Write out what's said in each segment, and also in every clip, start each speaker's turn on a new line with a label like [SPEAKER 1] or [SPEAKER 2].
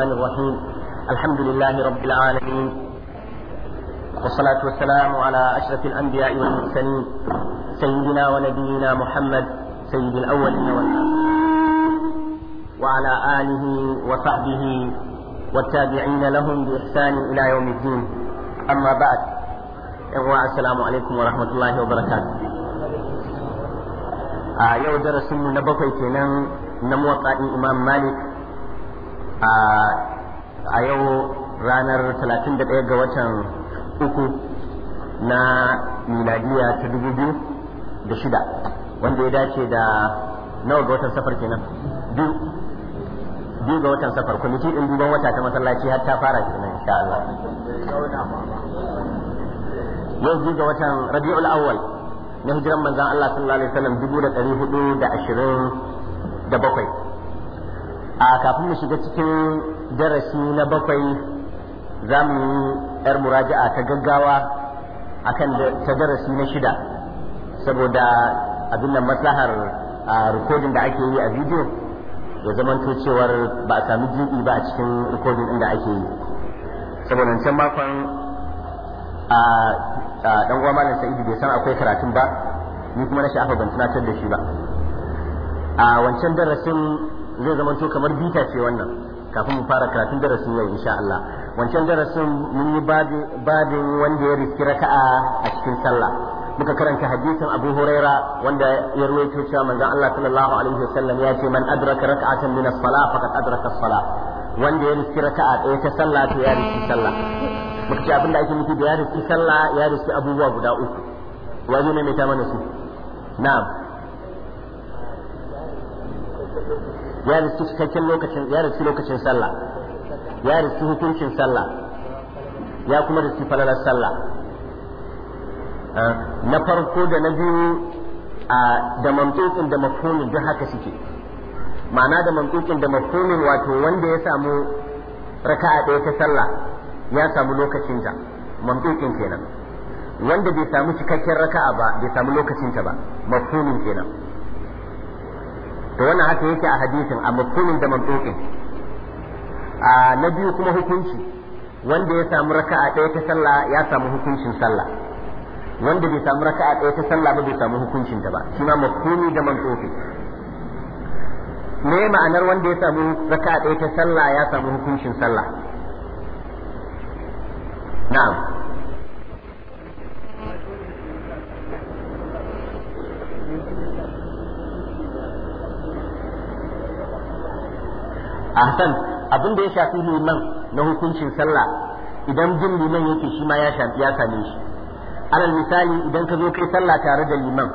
[SPEAKER 1] الرحمن الرحيم الحمد لله رب العالمين والصلاة والسلام على أشرف الأنبياء والمرسلين سيدنا ونبينا محمد سيد الأولين وعلى آله وصحبه والتابعين لهم بإحسان إلى يوم الدين أما بعد السلام عليكم ورحمة الله وبركاته آه يو درس من نبقى كنا نموطأ إمام مالك a yau ranar 31 ga watan uku na miladiya ta dubu biyu da shida wanda ya dace da nawa ga watan safar kenan biyu biyu ga watan safar kwamiti ɗin duban wata ta masallaci har ta fara kenan insha Allah yau biyu ga watan rabi'ul awwal na hijiran manzan Allah sallallahu alaihi wasallam dubu da hudu da ashirin da bakwai a kafin mu shiga cikin darasi na bakwai za mu yi yar muraji'a ta gaggawa a kan ta darasi na shida saboda abin nan maslahar a rikodin da ake yi a bidiyo ya zamanto cewar ba a sami jibi ba a cikin rikodin inda ake yi saboda can makon a dan uwa malam sa'idu bai san akwai karatun ba ni kuma na sha'afa ban tunatar da shi ba a wancan darasin zai zama to kamar bita ce wannan kafin mu fara karatun darasin yau insha Allah wancan darasin mun yi badin wanda ya riski raka'a a cikin sallah muka karanta hadisin Abu Huraira wanda ya ruwaito cewa manzon Allah sallallahu alaihi wasallam ya ce man adraka raka'atan min as-salah faqad adraka as-salah wanda ya riski raka'a ɗaya ta sallah to ya riski sallah muka ce abinda ake nufi da ya riski sallah ya riski abubuwa guda uku wazo ne mai ta mana su na'am ya riski cikakken lokacin ya rasu lokacin sallah ya rasu hukuncin sallah ya kuma riski falalar sallah ah, na farko da na biyu da mamtukin da mafhumin duk haka suke ma'ana da mamtukin da mafhumin wato wanda ya samu raka'a ɗaya ta sallah ya samu lokacin ta mamtukin kenan wanda bai samu cikakken raka'a ba bai samu lokacin ta ba mafhumin kenan to wannan haka yake a hadisin a mafhumin da mamdukin a na biyu kuma hukunci wanda ya samu raka'a ɗaya ta sallah ya samu hukuncin sallah wanda bai samu raka'a ɗaya ta sallah ba bai samu hukuncin ta ba shi ma mafhumi da mamdukin me ma'anar wanda ya samu raka'a ɗaya ta sallah ya samu hukuncin sallah na'am ahsan abin da ya shafi liman na hukuncin sallah idan jin liman yake shi ma ya ya same shi alal misali idan ka zo kai sallah tare da liman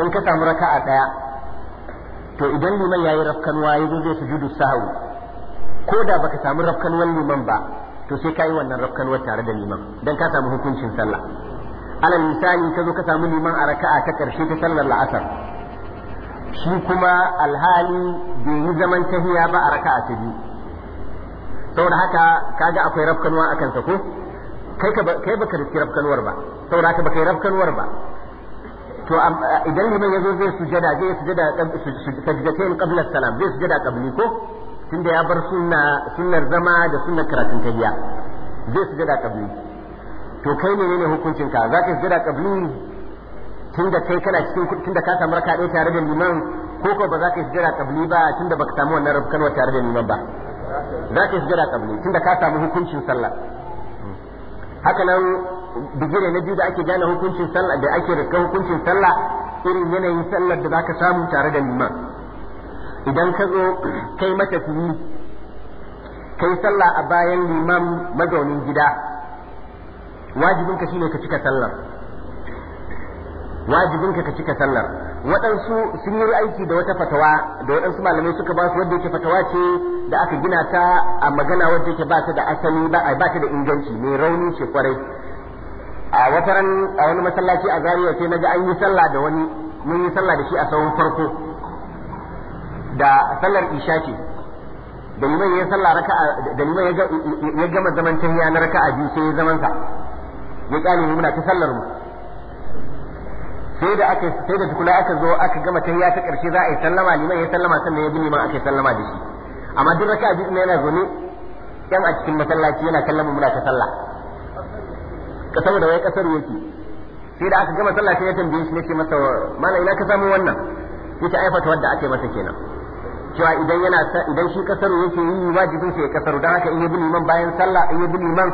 [SPEAKER 1] in ka samu raka'a daya to idan liman yayi rafkanwa yazo zai sujudu sahwi ko da baka samu rafkanwan liman ba to sai kai wannan rafkanwar tare da liman dan ka samu hukuncin sallah alal misali ka zo ka samu liman a raka'a ta karshe ta sallar la'asar shi kuma alhali bai yi zaman tahiya ba a raka'a ta biyu saboda haka kaga akwai rafkanuwa a kansa ko kai ka kai baka riski rafkanuwar ba saboda haka baka yi rafkanuwar ba to idan liman yazo zai sujada zai sujada sajdatain qabla salam zai sujada qabli ko tunda ya bar sunna sunnar zama da sunnar karatun tahiya zai sujada qabli to kai menene ka zaka sujada qabli tunda kai kana cikin tunda ka samu raka ɗaya tare da liman ko ko ba za ka yi sujjada kabli ba tunda baka samu wannan rafkanwa tare da liman ba za ka yi sujjada kabli tunda ka samu hukuncin sallah haka nan bigire na biyu da ake gane hukuncin sallah da ake rika hukuncin sallah irin yanayin sallar da za ka samu tare da liman idan ka zo kai matafiyi kai sallah a bayan liman mazaunin gida wajibinka shine ka cika sallar wajibin ka ka cika sallar waɗansu sun yi aiki da wata fatawa da waɗansu malamai suka ba su wanda yake fatawa ce da aka gina ta a magana wanda yake ba ta da asali ba ba ta da inganci mai rauni ce kwarai a wata ran a wani masallaci a Zariya sai naga an yi sallah da wani mun yi sallah da shi a sahun farko da sallar isha ce da liman ya sallah raka'a da ya gama zaman tahiya na raka'a biyu sai ya zaman sa ya kyale muna ta sallar mu sai da aka sai da tukuna aka zo aka gama tahiyya ta karshe za a yi sallama liman ya sallama sannan ya bi liman aka sallama da shi amma duk raka'a biyu yana zaune yan a cikin masallaci yana kallon mu muna ta sallah ka saboda wai kasar yake sai da aka gama sallah sai ya tambaye shi nake masa malam ina ka samu wannan yace ai fata wanda ake masa kenan cewa idan yana idan shi kasar yake yi wajibi sai kasar kasaru dan haka in ya bi liman bayan sallah in ya bi liman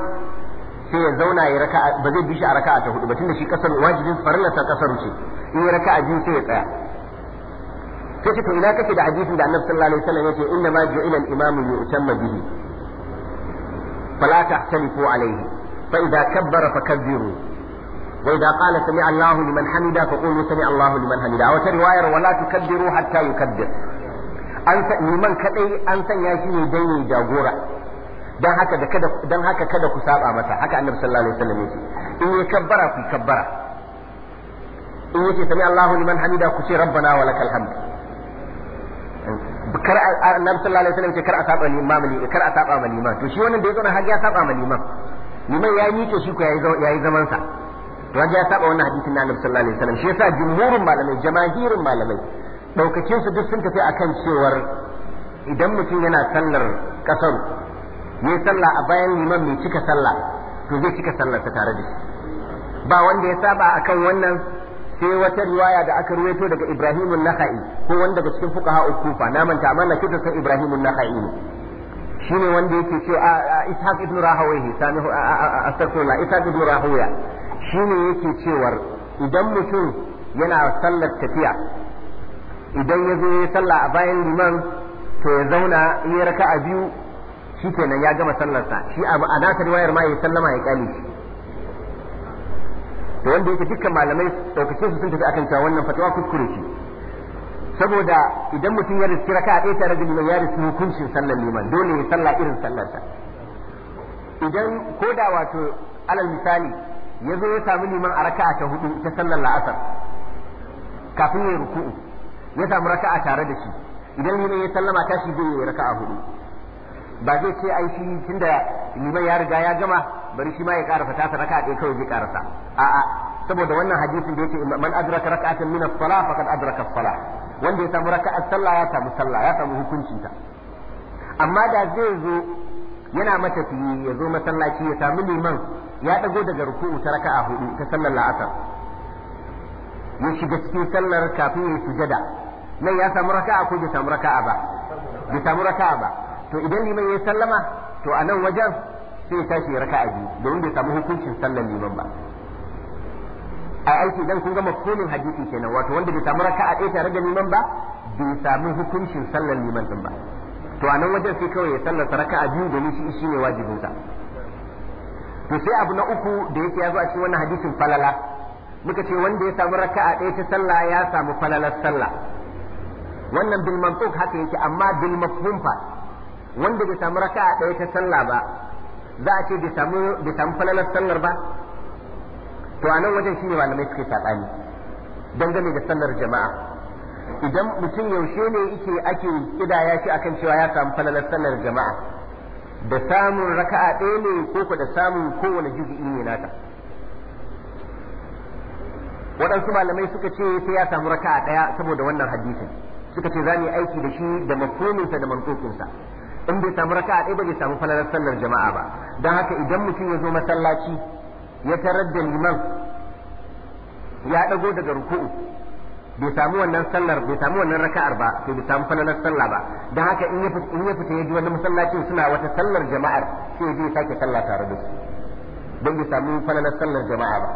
[SPEAKER 1] sai ya zauna ya raka ba zai bi shi a raka'a ta hudu ba tunda shi kasar wajibin farilla ta kasar ce in ya raka'a biyu sai ya tsaya sai ce to ina kake da hadisin da annabi sallallahu alaihi wasallam yace inna ma ju'ila al-imamu yu'tamma bihi fala tahtalifu alaihi fa idza kabbara fakabbiru wa idza qala sami Allahu liman hamida fa qulu sami Allahu liman hamida wa riwayar wala tukabbiru hatta yukabbir an liman kadai an sanya shi ne dan jagora Don haka da kada dan haka kada ku saba masa haka annabi sallallahu alaihi wasallam yake in ya kabbara ku kabbara in yake sami Allahu liman hamida ku ce rabbana wa lakal hamd kar annabi sallallahu alaihi wasallam ce kar a saba ni imam kar a saba ma liman to shi wannan da ya zauna har ya saba ma liman liman ya yi miƙe shi ku yayi zaman sa to ya saba wannan hadisin na annabi sallallahu alaihi wasallam shi yasa jumhurin malamai jamahirin malamai daukakin su duk sun tafi akan cewar idan mutum yana sallar kasar yi sallah a bayan liman mai cika sallah to zai cika sallar ta tare da shi ba wanda ya saba akan wannan sai wata riwaya da aka ruwaito daga Ibrahim an-Nakhai ko wanda daga cikin fuqaha fa na manta amma na kita san Ibrahim an-Nakhai ne shine wanda yake cewa Ishaq ibn Rahawayhi sani astaghfirullah Ishaq ibn Rahawiya shine yake cewa idan mutum yana sallar tafiya idan ya zo ya sallah a bayan liman to ya zauna in ya raka'a biyu shi kenan ya gama sallarsa shi a a nasa riwayar ma ya sallama ya kyale shi to wanda yake dukkan malamai ɗaukace su sun tafi akan cewa wannan fatawa kuskure shi? saboda idan mutum ya riski raka'a ɗaya tare da liman ya riski hukuncin sallar liman dole ya salla irin sallarsa idan ko da wato alal misali ya zo ya samu liman a raka'a ta hudu ta sallar la'asar kafin ya ruku'u ya samu raka'a tare da shi idan liman ya sallama tashi zai yi raka'a hudu ba zai ce ai shi tunda liman ya riga ya gama bari shi ma ya karasa ta sa raka'a kai kawai zai karasa a'a saboda wannan hadisin da yake man adraka raka'atan min as-salah faqad adraka as-salah wanda ya samu raka'a sallah ya samu sallah ya samu hukuncin ta amma da zai zo yana matafiyi ya zo masallaci ya samu liman ya dago daga ruku'u ta raka'a hudu ta sallar la'asar ya shiga cikin sallar kafin ya sujada nan ya samu raka'a ko bai samu raka'a ba bai samu raka'a ba to idan liman ya sallama to a nan wajen sai ya tashi raka'a biyu domin bai samu hukuncin sallar liman ba a aiki idan kun ga mafhumin hadisi kenan wato wanda bai samu raka'a ɗaya tare da liman ba bai samu hukuncin sallar liman din ba to a nan wajen sai kawai ya sallar raka'a biyu domin shi shi ne wajibin sa to sai abu na uku da yake ya zo a cikin wannan hadisin falala muka ce wanda ya samu raka'a ɗaya ta sallah ya samu falalar sallah wannan bil mantuq haka yake amma bil mafhum fa wanda bai samu raka a ɗaya ta sallah ba za a ce bai samu bai samu falalar sallar ba to a nan wajen shine malamai suke saɓani dangane da sallar jama'a idan mutum yaushe ne yake ake kidaya shi akan cewa ya samu falalar sallar jama'a da samun raka'a ɗaya ne ko ko da samun kowane juzu'i ne nata waɗansu malamai suka ce sai ya samu raka'a ɗaya saboda wannan hadisin suka ce za mu yi aiki da shi da mafuminsa da mantokinsa in bai samu raka'a ɗaya ba bai samu falalar sallar jama'a ba don haka idan mutum ya zo masallaci ya tarar da liman ya ɗago daga ruku'u bai samu wannan sallar bai samu wannan raka'ar ba to bai samu falalar sallah ba don haka in ya fita in ya fita ya ji wani masallacin suna wata sallar jama'ar sai ya je ya sake sallah tare da su don bai samu falalar sallar jama'a ba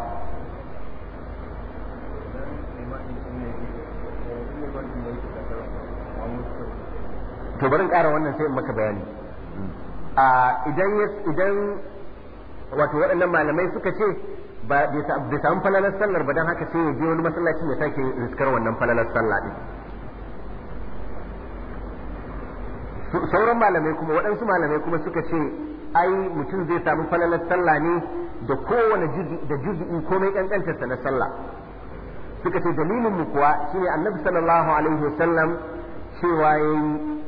[SPEAKER 1] to bari ƙara wannan sai in maka bayani idan idan wato waɗannan malamai suka ce ba bai samu falalar sallar ba don haka sai ya je wani masallaci ya sake riskar wannan falalar sallah din sauran malamai kuma waɗansu malamai kuma suka ce ai mutum zai samu falalar sallah ne da kowane da juz'i komai kankantarsa na sallah suka ce dalilin mu kuwa shine annabi sallallahu alaihi wasallam cewa yayi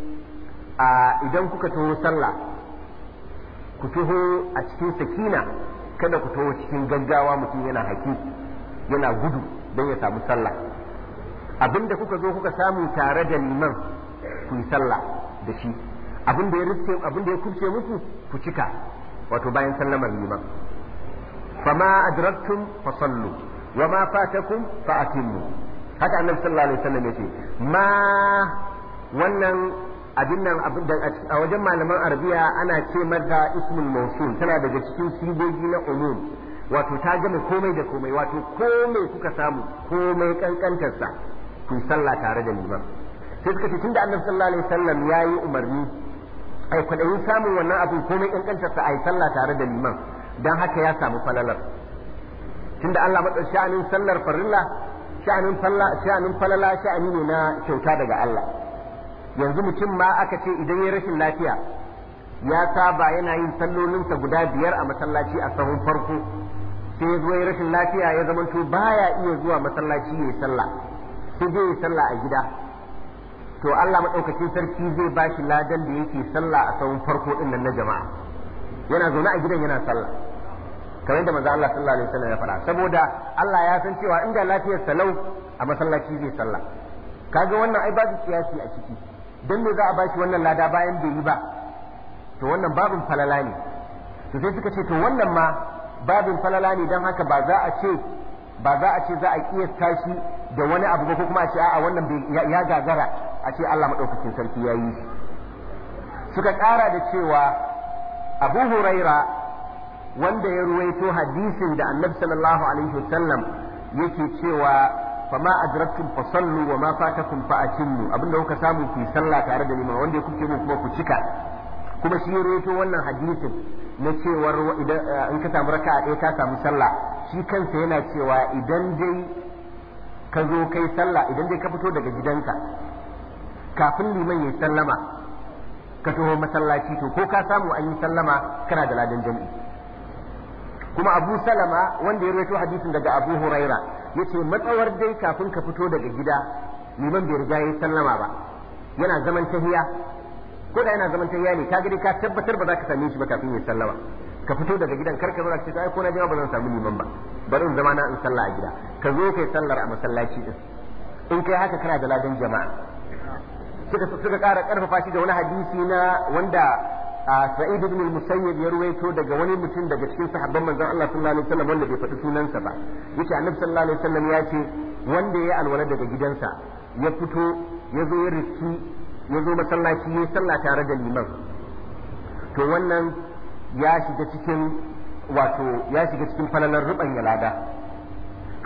[SPEAKER 1] a idan kuka taho sallah ku taho a cikin sakina kada ku taho cikin gaggawa mutum yana haki yana gudu don ya samu sallah abinda kuka zo kuka samu tare da liman ku yi sallah da shi abinda ya rufce abinda ya kubce muku ku cika wato bayan sallamar liman fama adraktum fa sallu wa ma fatakum fa atimmu haka annabi sallallahu alaihi wasallam yace ma wannan abin nan a wajen malaman arabiya ana ce mata ismul mawsul tana daga cikin sigogi na umum wato ta gama komai da komai wato komai kuka samu komai kankantarsa ku sallah tare da liman sai suka ce tunda annabi sallallahu alaihi wasallam yayi umarni ai kwadayin samun wannan abin komai kankantarsa ai sallah tare da liman dan haka ya samu falalar tunda Allah madar sha'anin sallar farilla sha'anin sallah sha'anin falala sha'ani ne na kyauta daga Allah yanzu mutum ma aka ce idan ya rashin lafiya ya saba yana yin sallolinsa guda biyar a masallaci a sahun farko sai ya zo ya rashin lafiya ya zama zamanto baya iya zuwa masallaci ya yi sallah sai zai yi sallah a gida to Allah maɗaukacin sarki zai ba shi ladan da yake sallah a sahun farko din nan na jama'a yana zaune a gidan yana sallah kamar yadda manzo Allah sallallahu alaihi wasallam ya faɗa saboda Allah ya san cewa inda lafiyar salau a masallaci zai sallah kaga wannan ai babu kiyasi a ciki don me za a bashi wannan lada bayan bai yi ba to wannan babin falala ne to sai suka ce to wannan ma babin falala ne don haka ba za a ce ba za a ce za a kiyasta shi da wani abu ba ko kuma a ce a'a wannan ya gagara a ce Allah maɗaukacin sarki ya yi suka ƙara da cewa Abu Huraira wanda ya ruwaito hadisin da Annabi sallallahu alaihi wasallam yake cewa fama adraktum fasallu wa ma fatakum fa atimmu abinda kuka samu ku sallah tare da liman wanda kuke mu kuma ku cika kuma shi reto wannan hadisin na cewar idan eh, in ka samu raka'a ɗaya ka samu sallah shi kansa yana cewa idan dai ka zo kai sallah idan dai ka fito daga gidanka kafin liman ya sallama ka taho masallaci to ko ka samu an yi sallama kana da ladan jami'i kuma abu salama wanda ya rawaito hadisin daga abu huraira ya ce matsawar dai kafin ka fito daga gida liman bai riga ya sallama ba yana zaman tahiya ko da yana zaman tahiya ne ka gani ka tabbatar ba za ka same shi ba kafin ya sallama ka fito daga gidan karka zo ka ce ai ko na jima ba zan samu liman ba bari in zama na in sallah a gida ka zo kai sallar a masallaci din in kai haka kana da ladan jama'a suka suka kara karfafa shi da wani hadisi na wanda sa'id ibn al-musayyib ya ruwaito daga wani mutum daga cikin sahabban manzon Allah sallallahu alaihi wasallam wanda bai fata sunansa ba yace annabi sallallahu alaihi wasallam ya ce wanda ya alwala daga gidansa ya fito ya zo ya riski ya zo masallaci ya sallah tare da liman to wannan ya shiga cikin wato ya shiga cikin falalar ruban ya lada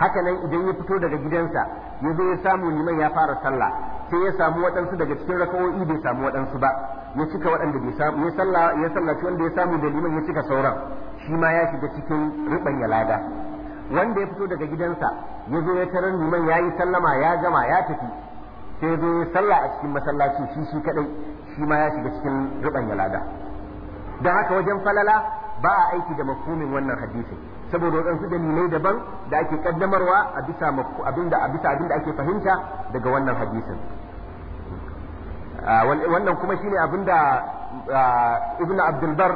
[SPEAKER 1] haka nan idan ya fito daga gidansa ya zo ya samu liman ya fara sallah sai ya samu waɗansu daga cikin raka'o'i bai samu waɗansu ba ya cika waɗanda bai samu ya salla ya sallaci wanda ya samu da liman ya cika sauran shi ma ya shiga cikin riban ya lada wanda ya fito daga gidansa ya zo ya tarar liman ya yi sallama ya gama ya tafi sai zo ya salla a cikin masallaci shi shi kadai shi ma ya shiga cikin riban ya lada don haka wajen falala ba a aiki da mafhumin wannan hadisin saboda waɗansu dalilai daban da ake kaddamarwa a bisa abinda a bisa abinda ake fahimta daga wannan hadisin wannan kuma shine abinda ibnu abdul bar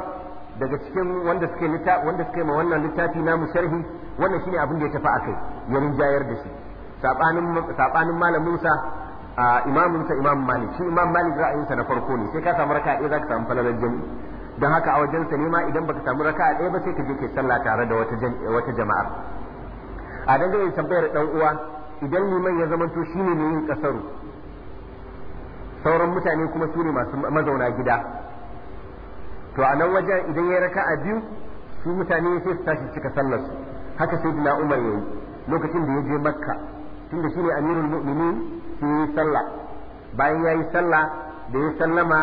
[SPEAKER 1] daga cikin wanda suke wanda suke ma wannan littafi na musharhi wannan shine abin da ya tafi akai ya rinjayar da shi sabanin sabanin malamin sa imamin sa imam malik shi imam malik ra'ayinsa na farko ne sai ka samu raka'a ɗaya zaka samu falalar jami'i don haka a wajen sa ma idan baka samu raka ɗaya ba sai ka je kai sallah tare da wata jama'a a dangane tambayar dan uwa idan liman ya zamanto shine ne yin kasaru sauran mutane kuma su ne masu mazauna gida to a nan wajen idan ya raka biyu su mutane sai su tashi cika sallar su haka sai dina umar ya yi lokacin da ya je makka tunda shine amirul mu'minin sai yi sallah bayan ya yi sallah da ya sallama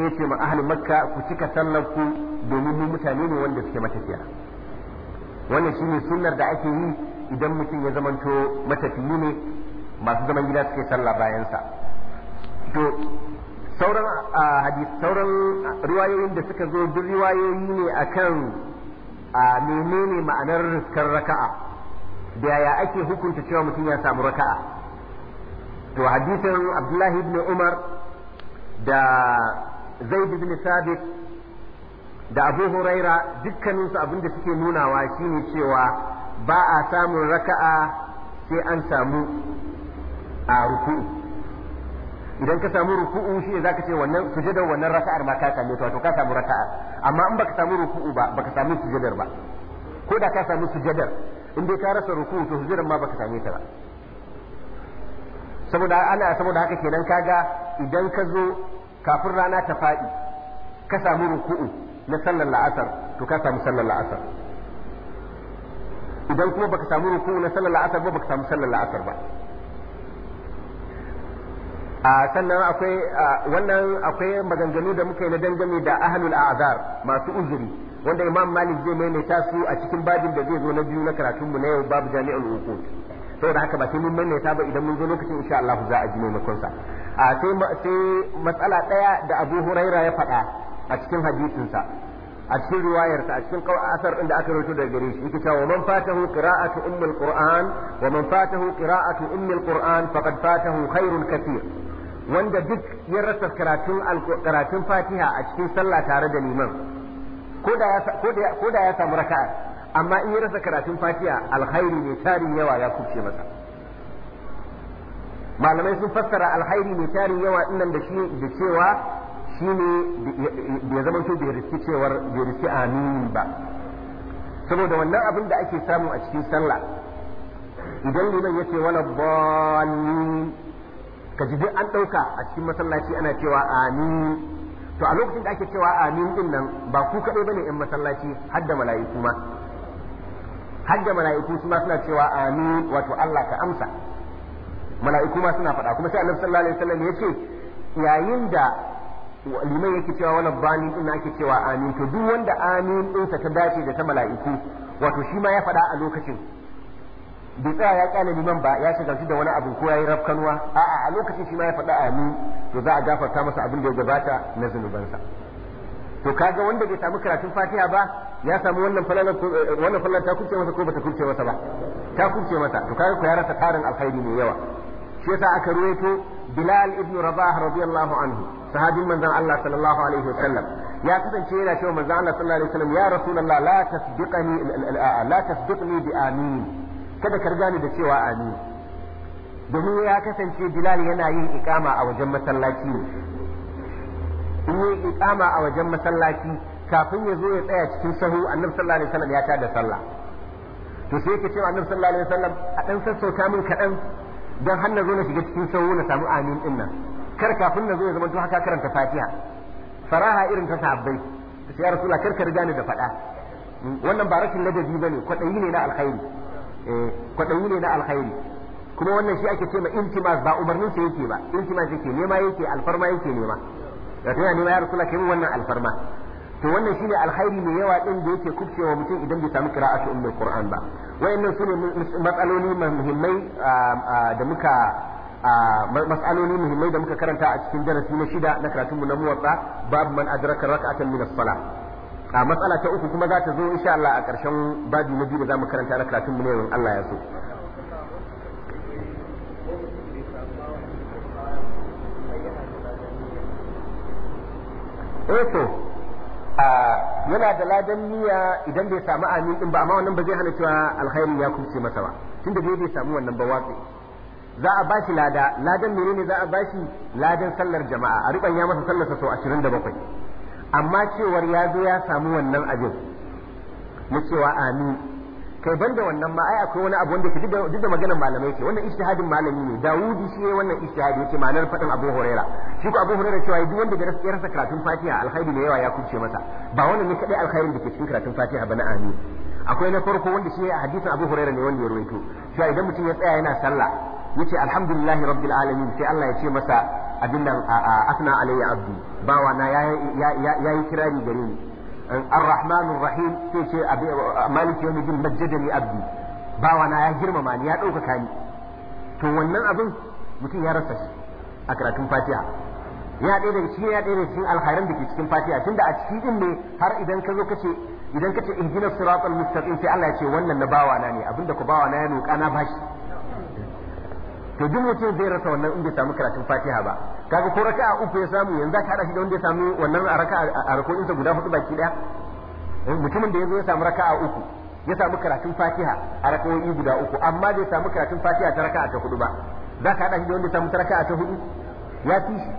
[SPEAKER 1] ya ce ma ahalin makka ku cika sallar ku domin mu mutane ne wanda suke matafiya wannan shine sunnar da ake yi idan mutum ya zamanto matafiyi ne masu zaman gida suke sallah bayan sa to sauran hadis sauran riwayoyin da suka zo duk riwayoyi ne akan a menene ma'anar riskar raka'a da yaya ake hukunta cewa mutum ya samu raka'a to hadisin Abdullahi ibn Umar da zaid ibn sabit da abu huraira dukkaninsu abinda suke nunawa shine cewa ba a samun raka'a sai an samu a ruku'u idan ka samu ruku'u shi za ka ce wannan sujadar wannan raka'ar ma ka same ta wato ka samu raka'a amma in baka samu ruku'u ba baka samu sujadar ba ko da ka samu sujadar in dai ka rasa ruku'u to sujadar ma baka same ta ba saboda ana saboda haka kenan kaga idan ka zo kafin rana ta faɗi ka samu ruku'u na sallar la'asar to ka samu sallar la'asar idan kuma baka samu ruku'u na sallar la'asar ba baka samu sallar la'asar ba a sannan akwai wannan akwai maganganu da muka yi na dangane da ahlul a'zar masu uzuri wanda imam malik zai maimaita su a cikin babin da zai zo na biyu na karatun mu na yau babu jami'ul uqud saboda haka ba sai mun maimaita ba idan mun zo lokacin insha Allah za a ji maimakon sa a sai matsala ɗaya da abu huraira ya faɗa a cikin hadisinsa a cikin riwayarsa a cikin asar ɗin da aka rubuta daga gare shi yake cewa wa man fatahu qira'atu ummul qur'an wa man fatahu qira'atu ummul qur'an faqad fatahu khairun katir wanda duk ya rasa karatun karatun fatiha a cikin sallah tare da liman ko da ya samu raka'a amma in ya rasa karatun fatiha alkhairi ne tarin yawa ya kuce masa malamai sun fassara alhairi mai tarin yawa innan da shi da cewa shi ne bai zama to bai riski cewar bai riski amin ba saboda wannan abin da ake samu a cikin sallah idan liman ya ce wala dallin ka ji an ɗauka a cikin masallaci ana cewa amin to a lokacin da ake cewa amin din nan ba ku kaɗai bane yan masallaci har da mala'iku ma har da mala'iku suna cewa amin wato Allah ka amsa mala'iku ma suna faɗa kuma sai annabi sallallahu alaihi wasallam yace yayin da liman yake cewa wala bani din ake cewa amin to duk wanda amin din sa ta dace da ta mala'iku wato shi ma ya faɗa a lokacin bai tsaya ya kyale liman ba ya shiga da wani abu ko yayi rafkanwa a'a a lokacin shi ma ya faɗa amin to za a gafarta masa abin da ya gabata na zunubansa to kaga wanda bai samu karatun Fatiha ba ya samu wannan falalar eh, wannan falalar ta kuce masa ko bata kuce masa ba ta kuce masa to kaga ku ya rasa tarin alkhairi mai yawa shi yasa aka ruwaito Bilal ibn Rabah radiyallahu anhu sahabin manzon Allah sallallahu alaihi wasallam ya kasance yana cewa manzon Allah sallallahu alaihi wasallam ya rasulullah la tasbiqani la tasbiqni bi amin kada ka riga ni da cewa amin domin ya kasance Bilal yana yin ikama a wajen masallaci ne in yi ikama a wajen masallaci kafin ya zo ya tsaya cikin sahu annabi sallallahu alaihi wasallam ya tada sallah to sai yake cewa annabi sallallahu alaihi wasallam a dan sassauta min kadan Don har na zo na shiga cikin sauro na samu amin din nan kar kafin na zo ya zama to haka karanta fatiha faraha irin ta sahabbai ta ya rasulullah kar ka riga ni da faɗa wannan ba rashin ladabi bane kwaɗayi ne na alkhairi eh kwaɗayi ne na alkhairi kuma wannan shi ake ce ma intimas ba umarnin sa yake ba intimas yake nema yake alfarma yake nema da tana nema ya rasulullah kai wannan alfarma to wannan shine alkhairi mai yawa din da yake kubcewa mutum idan bai samu qira'atu ummul qur'an ba wayannan sune matsaloli muhimmai da muka mas'aloli muhimmai da muka karanta a cikin darasi na shida na karatun mu na muwatta babu man adraka rak'atan min as-salah a matsala ta uku kuma za ta zo insha Allah a ƙarshen babu na biyu da zamu karanta na karatun mu ne in Allah ya so eh yana da ladan niyya idan bai samu amin din ba amma wannan ba zai hana cewa alkhairi ya kubce masa ba tunda bai bai samu wannan ba watsi za a bashi lada ladan ne za a bashi ladan sallar jama'a a riban ya masa sallar sa sau 27 amma cewar ya zo ya samu wannan abin mu cewa amin kai ban da wannan ma ai akwai wani abu wanda duk da maganar malamai ce wannan ijtihadin malami ne Dawudi shi yayin wannan ijtihadi yace ma'anar fadin Abu Huraira shi ko Abu Huraira cewa duk wanda ya rasa karatun Fatiha alkhairi ne yawa ya kuce masa ba wannan ne kadai alkhairin da ke cikin karatun Fatiha ba na amin akwai na farko wanda shi a hadisin Abu Huraira ne wanda ya rawaito cewa idan mutum ya tsaya yana sallah yace alhamdulillahi rabbil alamin sai Allah ya ce masa abin nan asna alayya abdi bawana ya yi kirari gare ni الرحمن الرحيم تيجي مالك يوم الدين مجدني abdi bawana ya girmama ni ya ɗaukaka ni to wannan abin mutum ya rasa a karatun fatiha ya ɗaya daga cikin ya ɗaya daga cikin alkhairan da ke cikin fatiha tunda a cikin ne har idan ka zo kace idan kace ihdina siratal mustaqim sai Allah ya ce wannan na bawana ne abinda ku bawana ya roƙa na bashi to duk mutum zai rasa wannan in ya samu karatun fatiha ba kaga ko a uku ya samu yanzu ka hada shi da wanda ya samu wannan a raka a rakoin sa guda hudu baki daya eh, mutumin da yazo ya samu a uku ya samu karatun fatiha a rakoin guda uku amma bai samu karatun fatiha ta raka'a ta hudu ba za ka hada shi da wanda ya samu ta raka'a ta hudu ya fi shi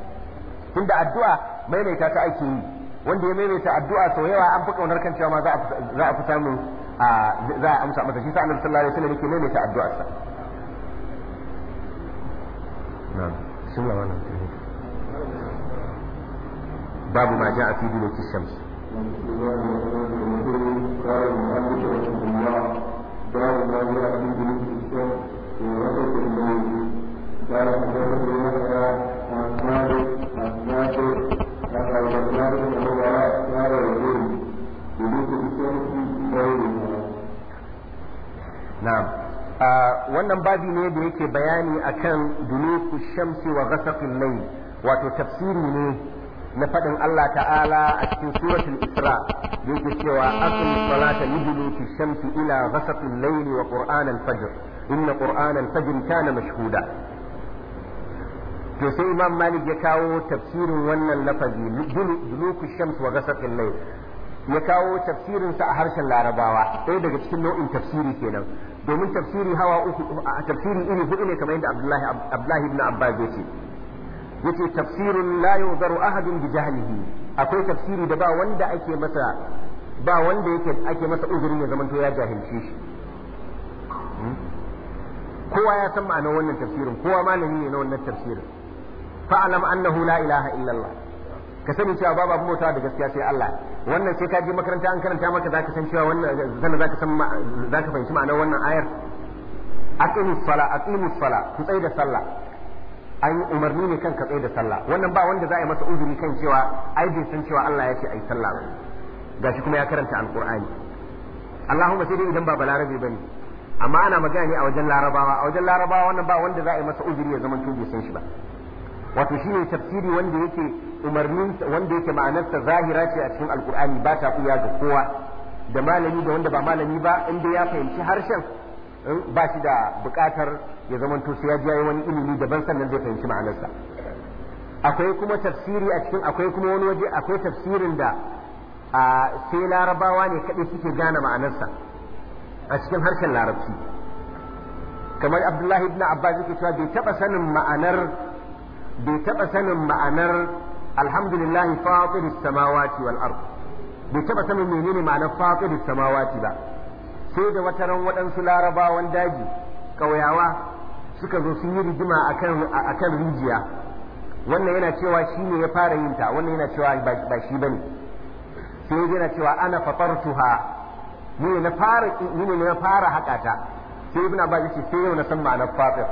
[SPEAKER 1] tunda addu'a maimaita ta ake yi wanda ya maimaita addu'a sau yawa an fi kaunar kan cewa ma za a fi samun za a amsa masa shi sa annabi sallallahu alaihi wasallam yake maimaita addu'arsa
[SPEAKER 2] na'am sun lawa nan
[SPEAKER 1] babu ma ja'a fi dinu shams
[SPEAKER 2] قال المؤلف رحمه الله باب ما جاء في بنوك الشمس ووسط الليل قال حدثني يحيى عن مالك عن نافع عن عبد الله بن عمر قال رجل بنوك الشمس خير
[SPEAKER 1] نعم wannan babi ne da yake bayani akan duluku shamsi wa ghasaqil layl wato tafsiri ne na faɗin Allah ta'ala a cikin suratul Isra yake cewa aqim salata liduluki shamsi ila ghasaqil layl wa qur'an al-fajr inna qur'an al-fajr kana mashhuda to sai Imam Malik ya kawo tafsirin wannan lafazi duluku shamsi wa ghasaqil layl ya kawo tafsirinsa a harshen Larabawa ɗaya daga cikin nau'in tafsiri kenan domin tafsiri hawa uku a tafsiri iri hudu ne kamar yadda Abdullahi Abdullahi ibn Abbas yace yace tafsirun la yuzaru ahadun bi jahlihi akwai tafsiri da ba wanda ake masa ba wanda yake ake masa uzuri ya zamanto ya jahilce shi hmm? kowa ya san ma'anar wannan tafsirin kowa malami ne na wannan tafsirin fa'alam annahu la ilaha illallah ka sani cewa babu mota da gaskiya sai Allah wannan sai ka je makaranta an karanta maka zaka san cewa wannan sannan zaka san zaka fahimci ma'anar wannan ayar aqimus sala aqimus sala ku tsaya da sallah an umarni ne kan ka tsaya da sallah wannan ba wanda za a yi masa uzuri kan cewa ai bai san cewa Allah ya ce ai sallah ba gashi kuma ya karanta alqur'ani Allahumma sai dai idan ba balarabe bane amma ana magana ne a wajen larabawa a wajen larabawa wannan ba wanda za a yi masa uzuri ya zama tun bai san shi ba wato shine tafsiri wanda yake umarnin wanda yake ma'anarsa zahira ce a cikin alkur'ani ba ta kuya ga kowa da malami da wanda ba malami ba inda ya fahimci harshen ba shi da buƙatar ya zamanto sai ya ji wani ilimi daban sannan zai fahimci ma'anarsa akwai kuma tafsiri a cikin akwai kuma wani waje akwai tafsirin da sai larabawa ne kaɗai suke gane ma'anarsa a cikin harshen larabci kamar abdullahi ibn abbas yake cewa bai taɓa sanin ma'anar bai taɓa sanin ma'anar alhamdulillah fatir samawati wal ard bai taba sanin menene ma'anar fatir samawati ba sai da wata ran waɗansu larabawan daji ƙauyawa suka zo sun yi rigima akan akan rijiya wannan yana cewa shi ne ya fara yin ta wannan yana cewa ba shi bane sai yana cewa ana fatartuha ni ni ne na fara haƙata sai ibn abbas sai yau na san ma'anar fatir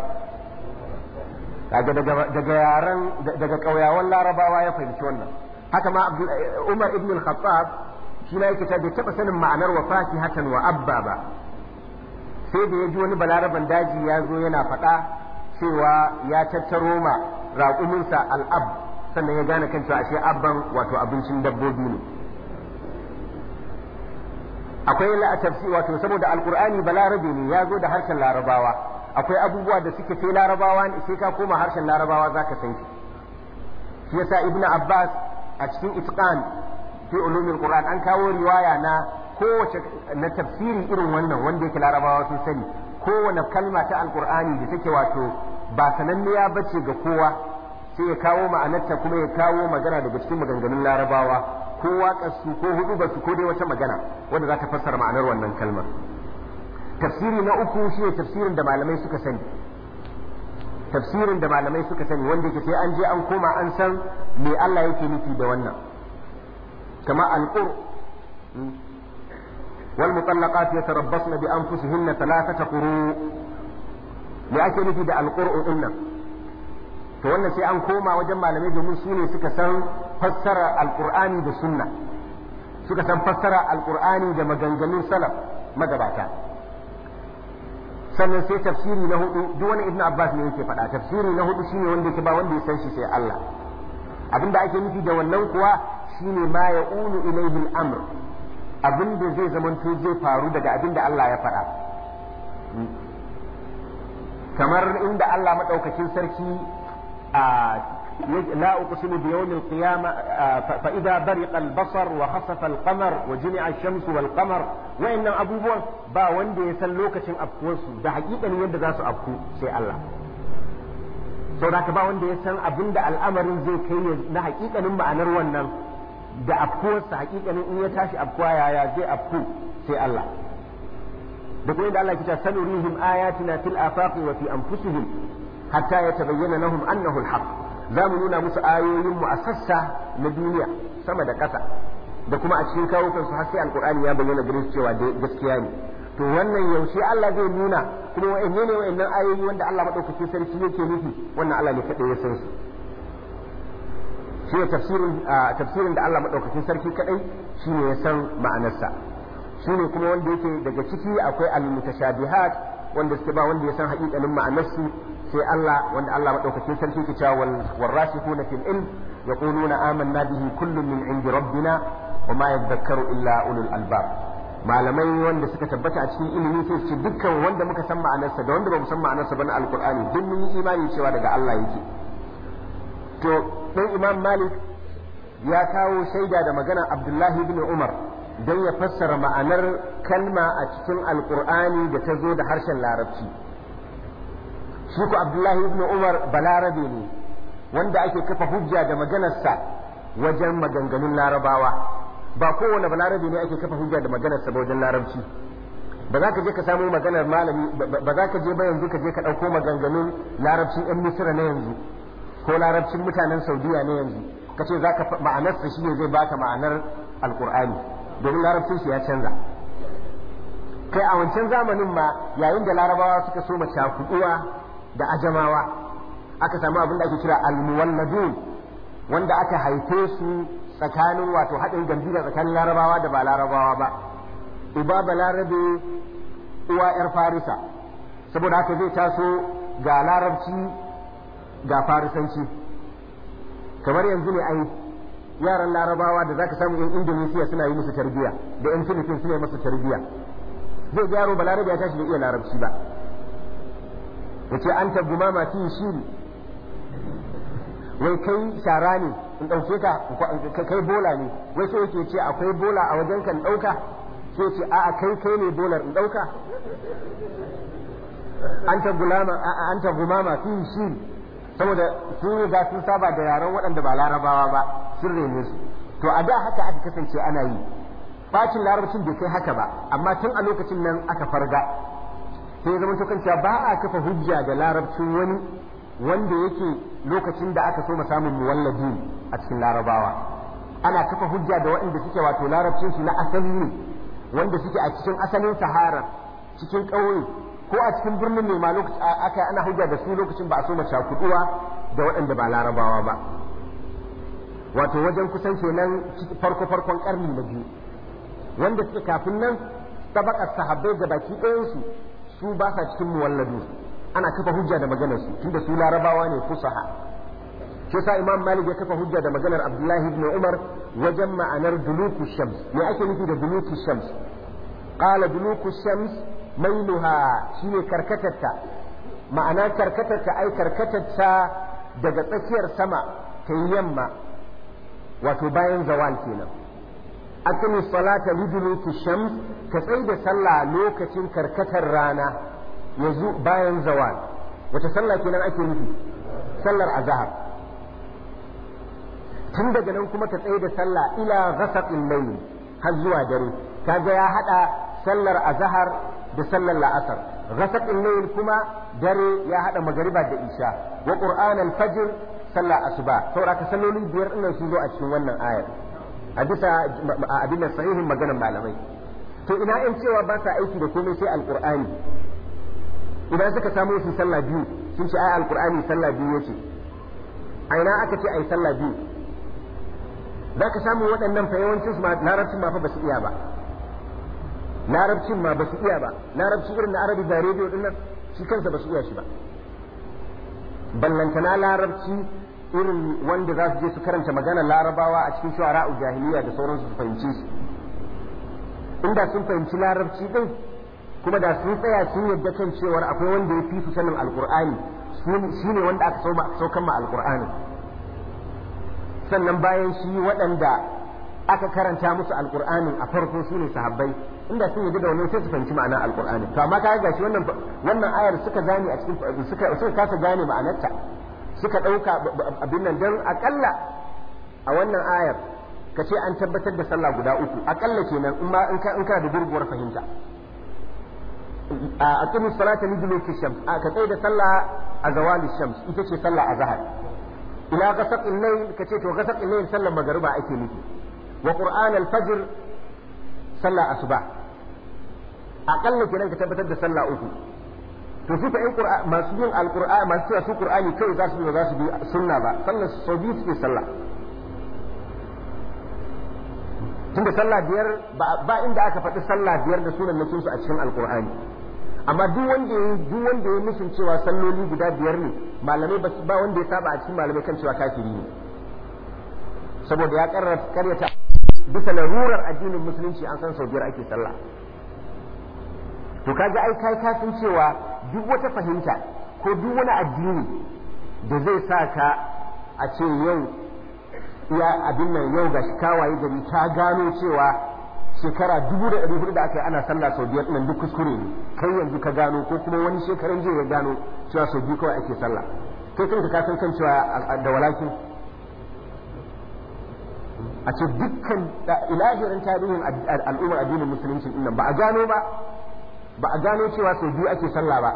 [SPEAKER 1] kaga daga yaran daga kauyawan larabawa ya fahimci wannan haka ma umar ibn al-khattab shi ma yake bai taba sanin ma'anar wa fatihatan wa abba ba sai da ya ji wani balaraban daji ya zo yana faɗa cewa ya tattaro ma raƙuminsa al'ab sannan ya gane kan cewa ashe abban wato abincin dabbobi ne akwai la tafsi wato saboda alqur'ani balarabe ne ya zo da harshen larabawa akwai abubuwa da suke fi larabawa sai ka koma harshen larabawa za ka san shi shi yasa ibnu abbas a cikin itqan fi ulumul qur'an an kawo riwaya na kowace na tafsirin irin wannan wanda yake larabawa sun sani kowane kalma ta alqur'ani da take wato ba sananne ya bace ga kowa sai ya kawo ma'anarta kuma ya kawo magana daga cikin maganganun larabawa ko waƙarsu ko hudu ba su ko dai wata magana wanda za ta fassara ma'anar wannan kalmar tafsiri na uku ne tafsirin da malamai suka sani tafsirin da malamai suka sani wanda ke sai an je an koma an san me Allah yake nufi da wannan kama alqur hmm, wal mutallaqat yatarabbasna bi anfusihinna thalathata quru me ake nufi da alqur'u dinnan to wannan sai an koma wajen malamai domin su ne suka san fassara alqur'ani da sunna suka san fassara alqur'ani da maganganun salaf magabata sannan sai tafsiri na hudu duk wani abbas ne yake faɗa tafsiri na hudu shine wanda yake ba wanda ya san shi sai Allah abinda ake nufi da wannan kuwa shine ma ya'unu ilayhi al-amr abinda zai zamanto zai faru daga abinda Allah ya faɗa kamar inda Allah madaukakin sarki a لا أقسم بيوم القيامة فإذا برق البصر وخسف القمر وجمع الشمس والقمر وإن أبوبون با وندي يسلوك شن أبكوسو ده حقيقة يند ذاس أبكو سي الله سوراك با وندي يسن أبند الأمر زي كي ده حقيقة نمع نروان نم da afkuwarsa hakikanin in ya tashi afkuwa yaya zai afku sai Allah da kuma inda Allah ke ta sanurihim ayatina fil afaqi wa fi anfusihim hatta yatabayyana lahum annahu al-haqq za mu nuna musu ayoyinmu a sassa na duniya sama da ƙasa da kuma a cikin kawukan su har sai alkur'ani ya bayyana gare cewa gaskiya ne to wannan yaushe Allah zai nuna kuma wa'anne ne wa'annan ayoyi wanda Allah madaukakin sarki yake nufi wannan Allah ne kadai ya san su shi tafsirin tafsirin da Allah madaukakin sarki kadai shine ya san ma'anarsa shine kuma wanda yake daga ciki akwai al-mutashabihat wanda suke ba wanda ya san haƙiƙanin ma'anarsu sai Allah wanda Allah madaukakin sarki ke cewa wal rasikhuna fil ilm yaquluna amanna bihi kullun min indi rabbina wa ma yadhakkaru illa ulul albab malamai wanda suka tabbata a cikin ilimi sai su dukkan wanda muka san ma'anarsa da wanda ba mu san ma'anarsa ba na alqur'ani duk mun yi imani cewa daga Allah yake to dan imam malik ya kawo shaida da maganar abdullahi ibn umar don ya fassara ma'anar kalma a cikin alqur'ani da ta zo da harshen larabci shi ku abdullahi ibn umar balarabe ne wanda ake kafa hujja da maganarsa wajen maganganun larabawa ba kowane balarabe ne ake kafa hujja da maganarsa ba wajen larabci ba za ka je ka samu maganar malami ba za ka je ba yanzu ka je ka ɗauko maganganun larabcin yan misira na yanzu ko larabcin mutanen saudiya na yanzu ka ce za ka ma'anarsa shi ne zai baka ma'anar alkur'ani domin larabcin shi ya canza kai a wancan zamanin ma yayin da larabawa suka so mace kuɗuwa da ajamawa aka samu abin da ake kira almuwalladun wanda aka haife su tsakanin wato haɗin da tsakanin larabawa da ba larabawa ba uba balarabe uwa yar farisa saboda haka zai taso ga larabci ga farisanci kamar yanzu ne ai yaran larabawa da zaka samu yan indonesia suna yi musu tarbiya da yan filifin suna yi musu tarbiya zai gyaro yaro balarabe ya tashi bai iya larabci ba yace ta gumama fi shiri wai kai shara ne in dauke ka kai bola ne wai sai yake ce akwai bola a wajen kan dauka sai ce a'a kai kai ne bolar in dauka anta gulama anta gumama fi shiri saboda sun da sun saba da yaren waɗanda ba larabawa ba sun rene su to a da haka aka kasance ana yi bacin larabcin bai kai haka ba amma tun a lokacin nan aka farga sai zama to kanta ba a kafa hujja da larabcin wani wanda yake lokacin da aka so samun muwallabi a cikin larabawa ana kafa hujja da waɗanda suke wato larabcin su na asali ne wanda suke a cikin asalin sahara cikin ƙauye ko a cikin birnin ne ma aka ana hujja da su lokacin ba a so cakuduwa da waɗanda ba larabawa ba wato wajen kusan kenan farko farkon karni na biyu wanda suke kafin nan tabakar sahabbai da baki ɗayansu su ba sa cikin muwalladu ana kafa hujja da maganar su tunda su larabawa ne fusaha shi yasa imam malik ya kafa hujja da maganar abdullahi ibn umar wajen ma'anar duluku shams me ake nufi da duluku shams qala duluku shams mailuha shine karkatarta ma'ana karkatarta ai karkatarta daga tsakiyar sama ta yamma wato bayan zawal kenan aqimi salata liduluki shams ka tsai da sallah lokacin karkatar rana yanzu bayan zawal wata sallah kenan ake nufi sallar azhar tun daga nan kuma ka tsai da sallah ila ghasaqil layl har zuwa dare kaga ya haɗa sallar azahar da sallar la'asar ghasaqil layl kuma dare ya haɗa magariba da isha waƙur'anan qur'an al sallar asuba saboda ka sallolin biyar ɗin sun zo a cikin wannan ayar a bisa abin da sahihin maganar malamai to ina in cewa ba sa aiki da komai sai alqur'ani idan suka samu su sallah biyu sun ce ai alqur'ani sallah biyu yace a ina aka ce ai sallah biyu za ka samu waɗannan fa yawancin su larabcin ma fa ba su iya ba larabcin ma ba su iya ba larabci irin na arabi da rediyo dinnan shi kansa ba su iya shi ba ballantana larabci irin wanda za su je su karanta magana larabawa a cikin shuara jahiliya da sauransu su fahimci su inda sun fahimci larabci din kuma da sun tsaya sun yadda kan cewar akwai wanda ya fi su sanin alkur'ani shi ne wanda aka saukan ma alkur'ani sannan bayan shi waɗanda aka karanta musu alkur'ani a farko su ne sahabbai inda sun yadda da wannan sai su fahimci ma'anar alkur'ani to amma kaga gashi wannan wannan ayar suka gane a cikin suka suka kasa gane ma'anarta suka ɗauka abin nan don aƙalla a wannan ayar ka ce an tabbatar da sallah guda uku aƙalla kenan in ma in ka da gurguwar fahimta a aqimu salata li duluki shams ka tsaye da sallah a zawali shams ita ce sallah a zahar ila ghasaq al-layl ka ce to ghasaq al-layl sallah magariba ake nufi wa qur'an al-fajr sallah asuba aƙalla kenan ka tabbatar da sallah uku to suka yan qur'ani masu yin alqur'ani masu cewa su qur'ani kai za su ba za su bi sunna ba sallar sau biyu suke sallah tunda sallah biyar ba inda aka faɗi sallah biyar da sunan nakin a cikin alqur'ani amma duk wanda ya duk wanda ya musun cewa salloli guda biyar ne malamai ba ba wanda ya saba a cikin malamai kan cewa kafiri ne saboda ya karyata bisa larurar addinin musulunci an san sau biyar ake sallah to kaga ai kai ka san cewa duk wata fahimta ko duk wani addini da zai sa ka a ce yau ya abin nan yau ga shi kawaye gari ta gano cewa shekara dubu da ɗari da aka yi ana sallah sau biyar nan duk kuskure ne kai yanzu ka gano ko kuma wani shekaran jiya ya gano cewa sau biyu kawai ake sallah kai kanka ka san kan cewa da walakin a ce dukkan ilahirin tarihin al'ummar addinin musulunci nan ba a gano ba ba a gano cewa sau biyu ake sallah ba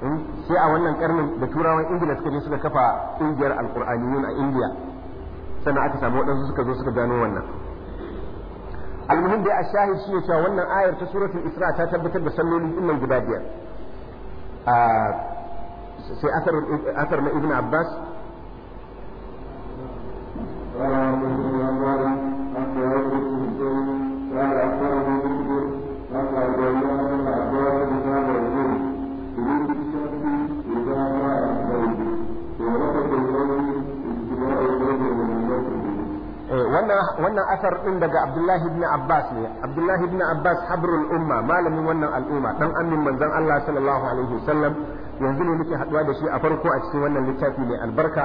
[SPEAKER 1] hmm? sai a wannan karnin da turawan ingila suka je suka kafa ƙungiyar alƙur'aniyun a indiya sannan aka samu waɗansu suka zo suka gano wannan almuhim dai a shahid shi ne cewa wannan ayar ta suratun isra ta tabbatar da sallolin dinnan guda biyar sai asar na ibn abbas wannan asar ɗin daga Abdullahi ibn Abbas ne Abdullahi ibn Abbas habrul umma malamin wannan al'umma dan amin manzon Allah sallallahu alaihi wasallam yanzu ne muke haduwa da shi a farko a cikin wannan littafi mai albarka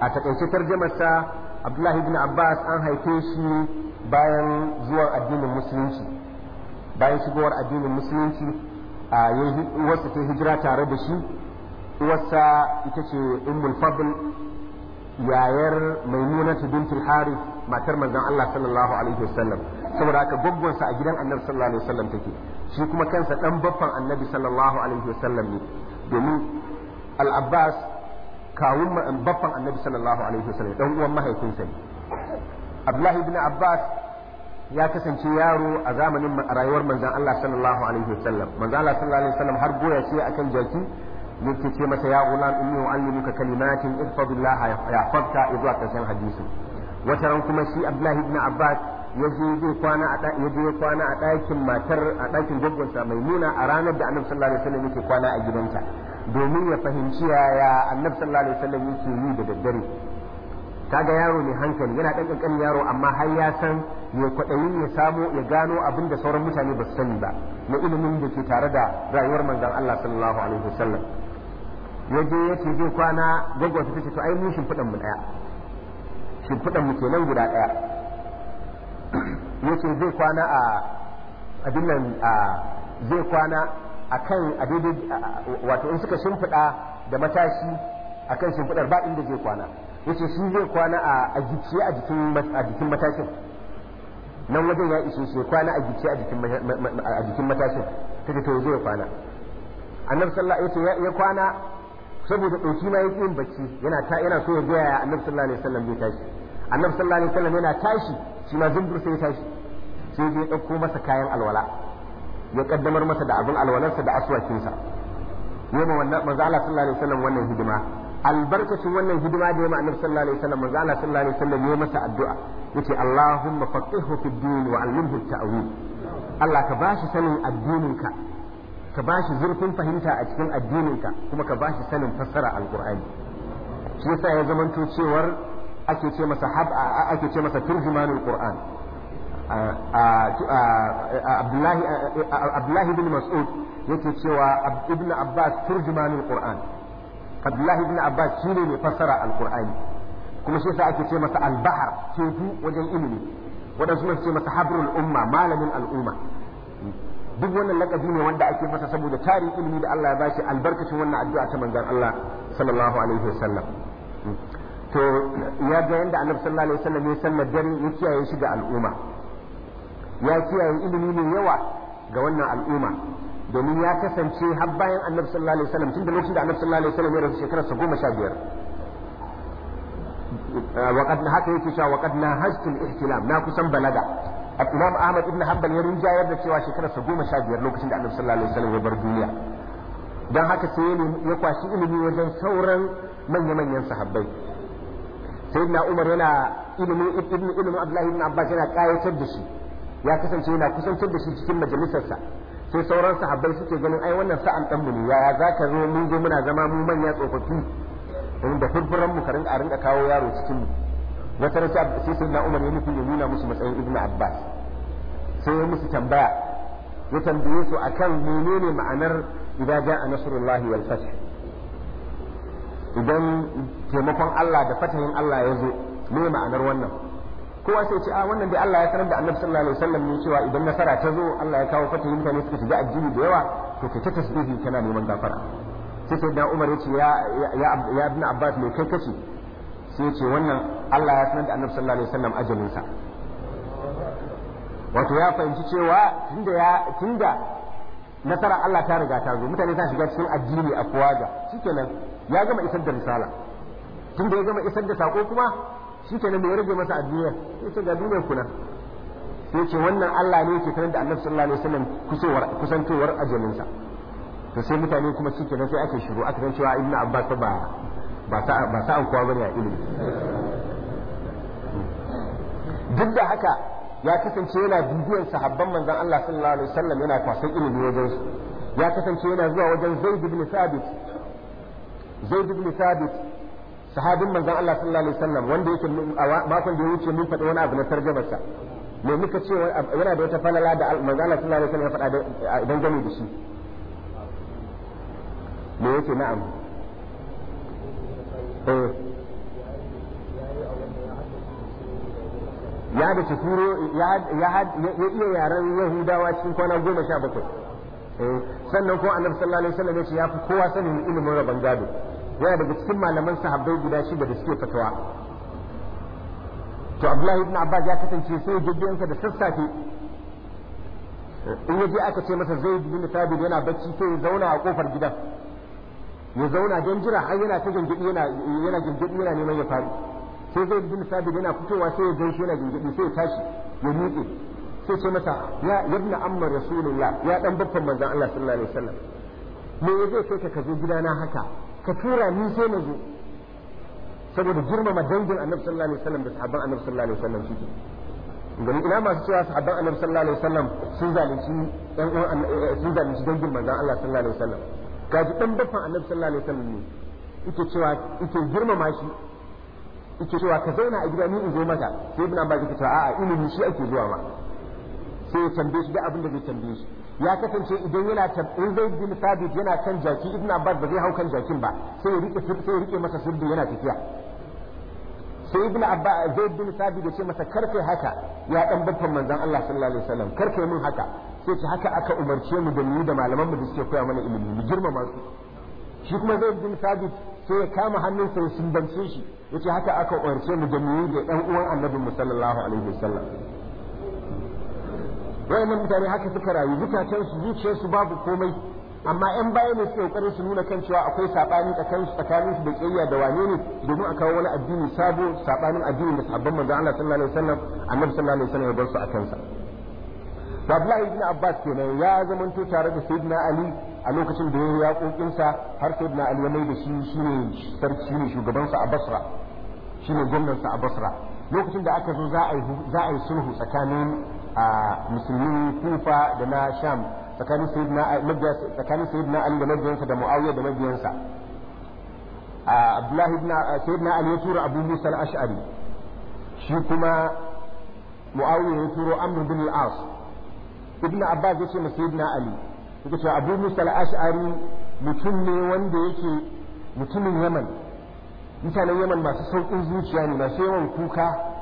[SPEAKER 1] a takaice tarjumar sa Abdullahi ibn Abbas an haife shi bayan zuwan addinin musulunci bayan shigowar addinin musulunci a yayin ta hijira tare da shi uwarsa ita ce Ummul Fadl yayar mai maimunatu bintul harith matar manzon Allah sallallahu alaihi wasallam saboda haka gwaggwansa a gidan annabi sallallahu alaihi wasallam take shi kuma kansa dan baffan annabi sallallahu alaihi wasallam ne domin al-abbas kawun baffan annabi sallallahu alaihi wasallam dan uwan mahaifinsa ne abdullahi ibn abbas ya kasance yaro a zamanin rayuwar manzon Allah sallallahu alaihi wasallam manzon Allah sallallahu alaihi wasallam har goya sai akan jaki yake ce masa ya gulam inni uallimuka kalimatin ya yahfazka zuwa karshen hadisi wata ran kuma shi Abdullahi ibn Abbas yaje zai kwana a yaje kwana a ɗakin matar a ɗakin gaggonsa Maimuna a ranar da Annabi sallallahu alaihi wasallam yake kwana a gidanta domin ya fahimci yaya Annabi sallallahu alaihi wasallam yake yi da daddare kaga yaro mai hankali yana ɗan ƙanƙanin yaro amma har ya san ya kwaɗayin ya samo ya gano abin da sauran mutane ba su sani ba na ilimin da ke tare da rayuwar manzon Allah sallallahu alaihi wasallam waje ya ce zai kwana gwagwa su fice to ai mun shimfiɗan mu ɗaya shimfiɗan mu kenan guda ɗaya ce zai kwana a abin a zai kwana a kan a daidai wato in suka shimfiɗa da matashi a kan shimfiɗar ba inda zai kwana ya ce shi zai kwana a gicciye a jikin matashin nan wajen ya ishe shi kwana a gicciye a jikin matashin ta to zai kwana annabi sallallahu alaihi wasallam ya kwana saboda ɗauki ma yake yin bacci yana ta yana so ya ga yaya annabi sallallahu alaihi wasallam zai tashi annabi sallallahu alaihi wasallam yana tashi shi ma zumbur sai ya tashi sai ya ɗauko masa kayan alwala ya kaddamar masa da abin alwalarsa da aswakinsa yema wannan manzo Allah sallallahu alaihi wasallam wannan hidima albarkacin wannan hidima da yema annabi sallallahu alaihi wasallam manzo Allah sallallahu alaihi wasallam yayi masa addu'a yace Allahumma faqihhu fid din wa allimhu at-ta'wil Allah ka bashi sanin addininka ka ba shi zurfin fahimta a cikin addininka kuma ka ba shi sanin fassara alqur'ani shi yasa ya zama cewar ake ce masa hab ake ce masa turjumanul qur'an Abdullahi Ibn bin Mas'ud yake cewa Ibn Abbas turjumanul qur'an Abdullahi Ibn Abbas shine mai fassara alqur'ani kuma shi yasa ake ce masa albahar teku wajen ilimi waɗansu ce masa habrul umma malamin al'umma duk wannan lakabi ne wanda ake masa saboda tarin ilimi da Allah ya bashi albarkacin wannan addu'a ta manzon Allah sallallahu alaihi wasallam to ya ga yanda annabi sallallahu alaihi wasallam ya sallar dare ya kiyaye shi ga al'umma ya kiyaye ilimi ne yawa ga wannan al'umma domin ya kasance har bayan annabi sallallahu alaihi wasallam tun da lokacin da annabi sallallahu alaihi wasallam ya rasu shekarar sa goma sha biyar وقد haka yake cewa na ناهزت الاحتلام na kusan balaga imam ahmad ibn hanbal ya rinjayar da cewa shekarar sa goma sha biyar lokacin da annabi sallallahu alaihi wasallam ya bar duniya dan haka sai ya kwashi ilimi wajen sauran manya-manyan sahabbai sayyidina umar yana ilimin ibn ibn abdullahi ibn abbas yana kayatar da shi ya kasance yana kusantar da shi cikin majalisarsa sai sauran sahabbai suke ganin ai wannan sa'an dan mu ne yaya zaka zo mun je muna zama mu manya tsofaffi da furfuran mu a rinka kawo yaro cikin mu wata rata sai sai na umar ya nufi ya nuna musu matsayin ibn abbas sai ya musu tambaya ya tambaye su akan menene ma'anar idza jaa nasrullahi wal fath idan taimakon Allah da fatahin Allah ya zo me ma'anar wannan kowa sai ce a ah, wannan dai Allah ya sanar da Annabi sallallahu alaihi wasallam ne cewa idan nasara ta zo Allah ya kawo fatahin mutane suka shiga addini da yawa to ka ta tasbihi kana neman gafara sai sai da Umar ya ce ya ya ibn Abbas me kai kace sai ce wannan Allah ya sanar da annabi sallallahu alaihi wasallam ajalin sa wato ya fahimci cewa tunda ya tunda nasara Allah ta riga ta zo mutane ta shiga cikin addini a kuwaga shikenan ya gama isar da risala tunda ya gama isar da sako kuma shikenan bai rage masa addini sai ce ga duniyar kuna sai ce wannan Allah ne yake sanar da annabi sallallahu alaihi wasallam kusowar kusantowar ajalin sa to sai mutane kuma shikenan sai ake shiru aka san cewa ibnu abbas ba ba sa'an kowa bane a ilimi duk da haka ya kasance yana bibiyan sahabban manzon Allah sallallahu alaihi wasallam yana kwasan ilimi wajen su ya kasance yana zuwa wajen Zaid ibn Thabit Zaid ibn Thabit sahabin manzon Allah sallallahu alaihi wasallam wanda yake makon da ya wuce mun faɗi wani abu na tarjamarsa me muka ce yana da wata falala da manzon Allah sallallahu alaihi wasallam ya faɗa idan gani da shi me yake na'am Eh. ya da cikuro ya iya yaren yahudawa cikin kwana goma sha bakwai eh, sannan ko annabi sallallahu alaihi wasallam ce ya fi kowa sanin ilimin rabon gado yana daga cikin malaman sahabbai guda shida da suke fatawa to abdullahi ibn abbas ya kasance sai sa da sassafe eh, in yaje aka ce masa zaid bin thabit yana bacci sai ya zauna a kofar gidan ya zauna don jira har yana ta gingidi yana yana gingidi yana neman ya faru sai zai bin sabit yana fitowa sai ya gaishe yana gingidi sai ya tashi ya miƙe sai ce masa ya yabna amma rasulullah ya dan babban manzon Allah sallallahu alaihi wasallam me ya zai kai ka kaje gidana haka ka tura ni sai na zo saboda girmama dangin annabi sallallahu alaihi wasallam da sahabban annabi sallallahu alaihi wasallam suke gani ina masu cewa sahabban annabi sallallahu alaihi wasallam sun zalunci dan sun zalunci dangin manzon Allah sallallahu alaihi wasallam gaji dan baffan annabi sallallahu alaihi wasallam ne yake cewa yake girmama shi yake cewa ka zauna a gida ni in zo maka sai ibn abbas yake cewa a'a ilimi shi ake zuwa ma sai ya tambaye shi da abin da zai tambaye shi ya kasance idan yana in zai bin sabit yana kan jaki ibn abbas ba zai hau kan jakin ba sai ya rike sai ya rike masa sirdi yana tafiya sai ibn abbas zai bin sabit ya ce masa karfe haka ya dan babban manzon Allah sallallahu alaihi wasallam karfe mun haka sai ce haka aka umarce mu da ni da malaman mu da suke koya mana ilimi mu girmama su shi kuma zai bin sabit sai ya kama hannunsa ya sumbance shi yace haka aka umarce mu da ni da ɗan uwan annabi mu sallallahu alaihi wasallam wayannan mutane haka suka rayu zukatan su zuciyar su babu komai amma yan baya ne suke kokarin su nuna kan cewa akwai sabani tsakanin su tsakanin da kiyaya da wane ne domin a kawo wani addini sabo sabanin addini da ban manzo Allah sallallahu alaihi wasallam annabi sallallahu alaihi wasallam ya bar su a kansa to Abdullahi ibn Abbas kenan ya zamanto tare da Sayyidina Ali a lokacin da ya yi sa har Sayyidina Ali ya mai da shi shine sarki ne shugabansa a Basra shine gwamnan sa a Basra lokacin da aka zo za a yi za a yi sulhu tsakanin Musulmi Kufa da na Sham tsakanin Sayyidina tsakanin Sayyidina Ali da mabiyansa da Muawiya da mabiyansa Abdullahi ibn Sayyidina Ali ya tura Abu Musa al-Ash'ari shi kuma Muawiya ya tura Amr bin al-As ibn abbas yace ma sayyidina ali yake cewa abu musa al-ash'ari mutum ne wanda yake mutumin yaman mutanen yaman masu saukin zuciya ne masu yawan kuka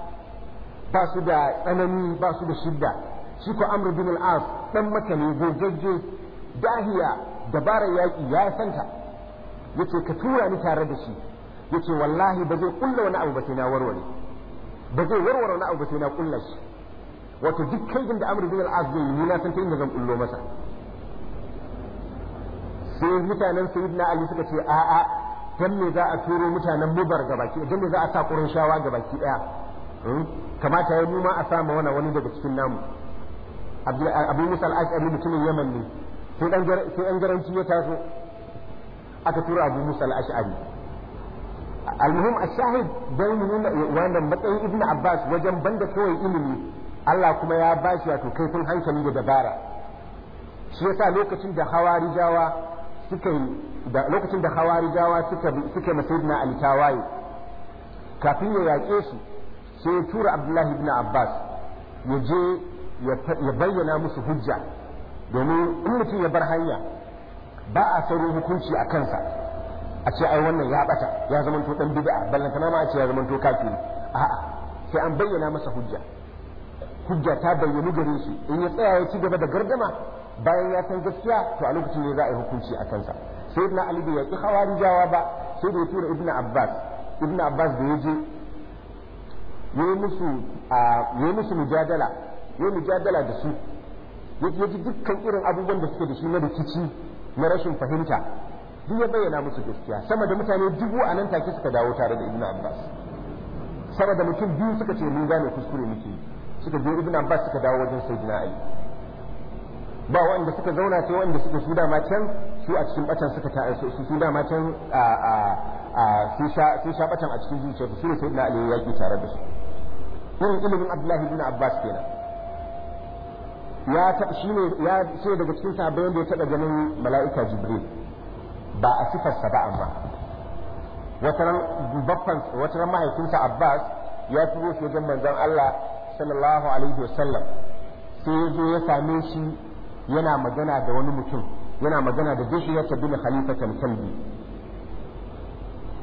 [SPEAKER 1] ba su da tsanani ba su da shidda shi ko amr bin al-as dan maka ne gogagge dahiya dabarar yaki ya santa yace ka tura ni tare da shi yace wallahi ba zai kulla wani abu ba sai na warware ba zai warware wani abu ba sai na kulla shi wato duk kaidin da amr bin al-as zai na san ta inda zan kullo masa sai mutanen sayyidina ali suka ce a'a, dan me za a turo mutanen mubar gabaki dan me za a sa qurayshawa gabaki daya hmm? kamata ya mu ma a sa wani wani daga cikin namu abu musa al-ash'ari mutumin yaman ne sai dan garanci ya taso aka tura abu musa al-ash'ari المهم الشاهد دائما وانا matsayin ابن abbas wajen banda kawai ilimi. Allah kuma ya ba shi wato kaifin hankali da dabara shi yasa lokacin da hawarijawa suka da lokacin da hawarijawa suka suka Ali tawaye kafin ya yake su sai ya tura Abdullahi ibn Abbas ya je ya bayyana musu hujja domin in mutum ya bar hanya ba a saurin hukunci a kansa a ce ai wannan ya bata ya to dan bid'a kana ma a ce ya to kafiri a'a sai an bayyana masa hujja hujja ta bayyana gare shi in ya tsaya ya ci gaba da gardama bayan ya san gaskiya to a lokacin ne za a yi hukunci a kansa sai na ali bai yaƙi hawarijawa ba sai da ya tura Ibn abbas Ibn abbas da ya je yayi musu yayi musu mujadala yayi mujadala da su yake ji dukkan irin abubuwan da suke da shi na rikici na rashin fahimta duk ya bayyana musu gaskiya sama da mutane dubu a nan take suka dawo tare da Ibn abbas sama da mutum biyu suka ce mun gane kuskure muke suka je ibn abbas suka dawo wajen sayyidina ali ba wanda suka zauna sai wanda suka su dama can su a cikin batan suka ta su su dama can a a a su sha su sha batan a cikin zuciya su ne sayyidina ali ya tare da su irin ilimin abdullahi ibn abbas kenan ya ta shi ne ya ce daga cikin sahabbai wanda ya taba ganin mala'ika jibril ba a sa ba amma wataran babban wataran mahaifinsa abbas ya fi shi wajen manzon Allah sallallahu alaihi wasallam sai ya zo ya same shi yana magana da wani mutum yana magana da dihiyata bin khalifatul kalbi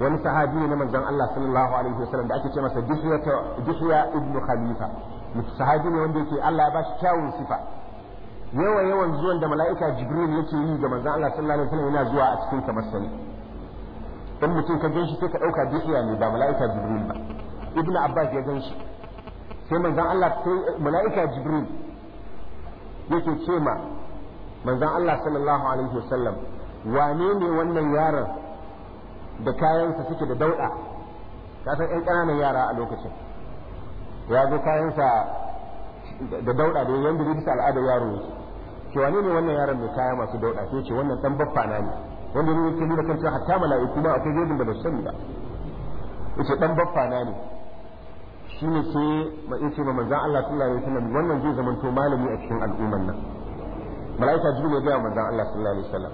[SPEAKER 1] wani sahabi ne na manzon Allah sallallahu alaihi wasallam da ake ce masa dihiyata dihiya ibnu khalifa sahabi ne wanda yake Allah ya ba shi kyawun sifa yawa yawan zuwan da mala'ika jibril yake yi ga manzon Allah sallallahu alaihi wasallam yana zuwa a cikin kamar sani dan mutum ka gan shi sai ka dauka dihiya ne ba mala'ika jibril ba ibnu abbas ya gan shi sai manzan Allah sai mala'ika jibril yake ce ma manzan Allah sallallahu alaihi wasallam wane ne wannan yaran da kayansa suke da dauɗa ka san ƴan ƙananan yara a lokacin ya zo kayansa da dauɗa da yan da bisa al'ada yaro yake ke wane ne wannan yaran mai kaya masu dauɗa sai ce wannan dan baffa na ne wanda ne yake nuna kan cewa hatta mala'iku ma akwai gejin ba da sani ba yace dan baffa na ne shi ne ce ba in ce ba manzan Allah sallallahu alaihi wasallam wannan zai zama to malami a cikin al'umman nan mala'ika jibril ya ga manzan Allah sallallahu alaihi wasallam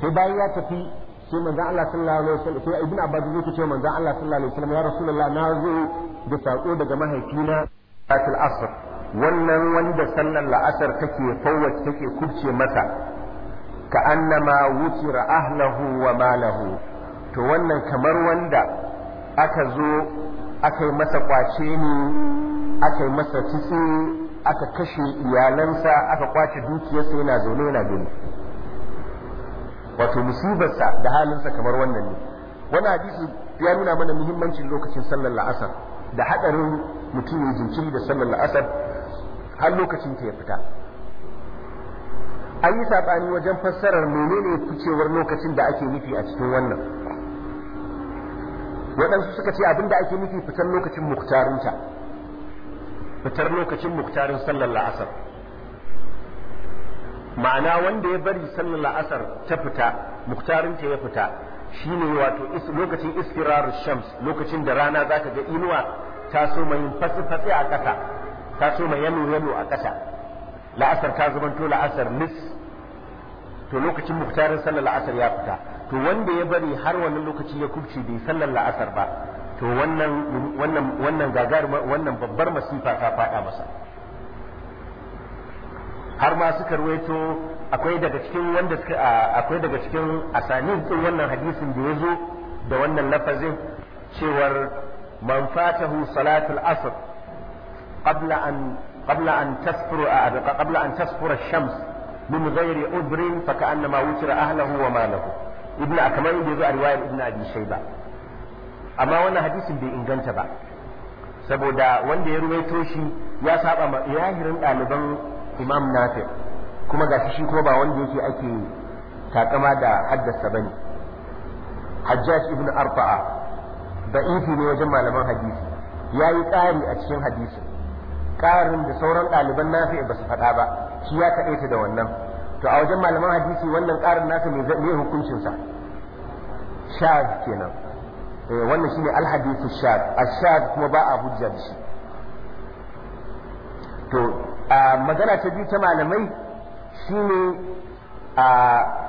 [SPEAKER 1] sai bayan ya tafi sai manzan Allah sallallahu alaihi wasallam sai ibnu abbas zai ce manzan Allah sallallahu alaihi wasallam ya rasulullah na zo da sako daga mahaifina salatul asr wannan wanda sallar la'asar take fawwace take kubce masa ka annama wutira ahlahu wa malahu to wannan kamar wanda aka zo aka yi masa kwace ne aka yi masa kitse aka kashe iyalansa aka kwace dukiyarsa yana zaune yana gani wato musibarsa da halinsa kamar wannan ne wani hadisi ya nuna mana muhimmancin lokacin sallar la'asar da haɗarin mutum ya jinkiri da sallar la'asar har lokacin ta ya fita an yi saɓani wajen fassarar menene ficewar lokacin da ake nufi a cikin wannan waɗansu suka ce abin da ake nufi fitar lokacin muktarinta fitar lokacin muktarin sallar la'asar ma'ana wanda ya bari sallar la'asar ta fita muktarinta ya fita shine wato lokacin iskirar shams lokacin da rana za ta ga inuwa ta so mai fasi fasi a ƙasa ta so mai yalo-yalo a ƙasa la'asar ta zamanto la'asar nis to lokacin muktarin sallar la'asar ya fita to wanda ya bari har wannan lokaci ya kubce bai sallar la'asar ba to wannan wannan wannan wannan babbar masifa ta faɗa masa har ma suka ruwaito akwai daga cikin wanda suka akwai daga cikin asanin din wannan hadisin da yazo da wannan lafazin cewar man fatahu salatul asr qabla an qabla an qabla an tasfura shams min ghairi udrin fa ka'annama wutira ahlahu wa malahu ibnu kamar inda zo a riwayar ibnu abi shayba amma wannan hadisin bai inganta ba saboda wanda ya ruwaito shi ya saba ma yahirin ɗaliban imam nafi kuma ga shi kuma ba wanda yake ake takama da haddasa bane hajjaj ibnu arfa'a da ne wajen malaman hadisi ya yi tsari a cikin hadisin ƙarin da sauran ɗaliban nasu ba su faɗa ba shi ya ta da wannan to a wajen malaman hadisi wannan ƙarin nasa mai hukuncinsa sha kenan eh, wannan shine alhadithu shad ashad kuma ba a hujja da shi to magana ta biyu ta malamai shine a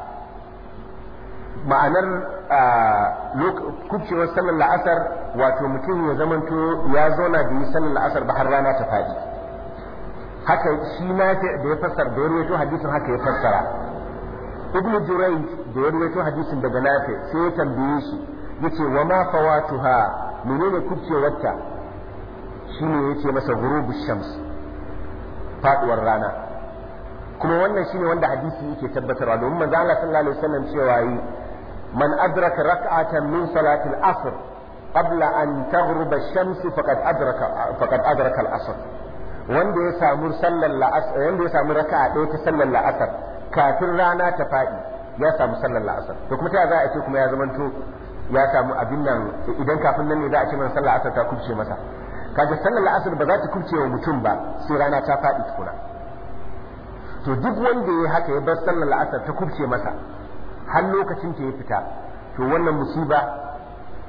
[SPEAKER 1] ma'anar kubcewar sallar la'asar wato mutum ya zamanto ya zauna da yi sallar la'asar ba har rana ta faɗi haka shi na da ya fassara da ya rawaito hadisin haka ya fassara ibn jirai da ya rawaito hadisin daga nafi sai ya tambaye shi yace wa ma fawatuha menene ne shine yace masa ghurubu shams faduwar rana kuma wannan shine wanda hadisi yake tabbatarwa domin manzo Allah sallallahu alaihi wasallam cewa yi man raka rak'atan min salatil asr qabla an taghrub ash-shams faqad adraka faqad wanda ya samu sallar ya samu raka'a ɗaya ta sallar la'asar kafin rana ta faɗi ya samu sallar la'asar to kuma ta za a ce kuma ya zamanto ya samu abin nan idan kafin nan ne za a ce mana sallar asar ta kubce masa kaga sallar la'asar ba za ta kubce wa mutum ba sai rana ta faɗi tukuna to duk wanda ya haka ya bar sallar la'asar ta kubce masa har lokacin ta ya fita to wannan musiba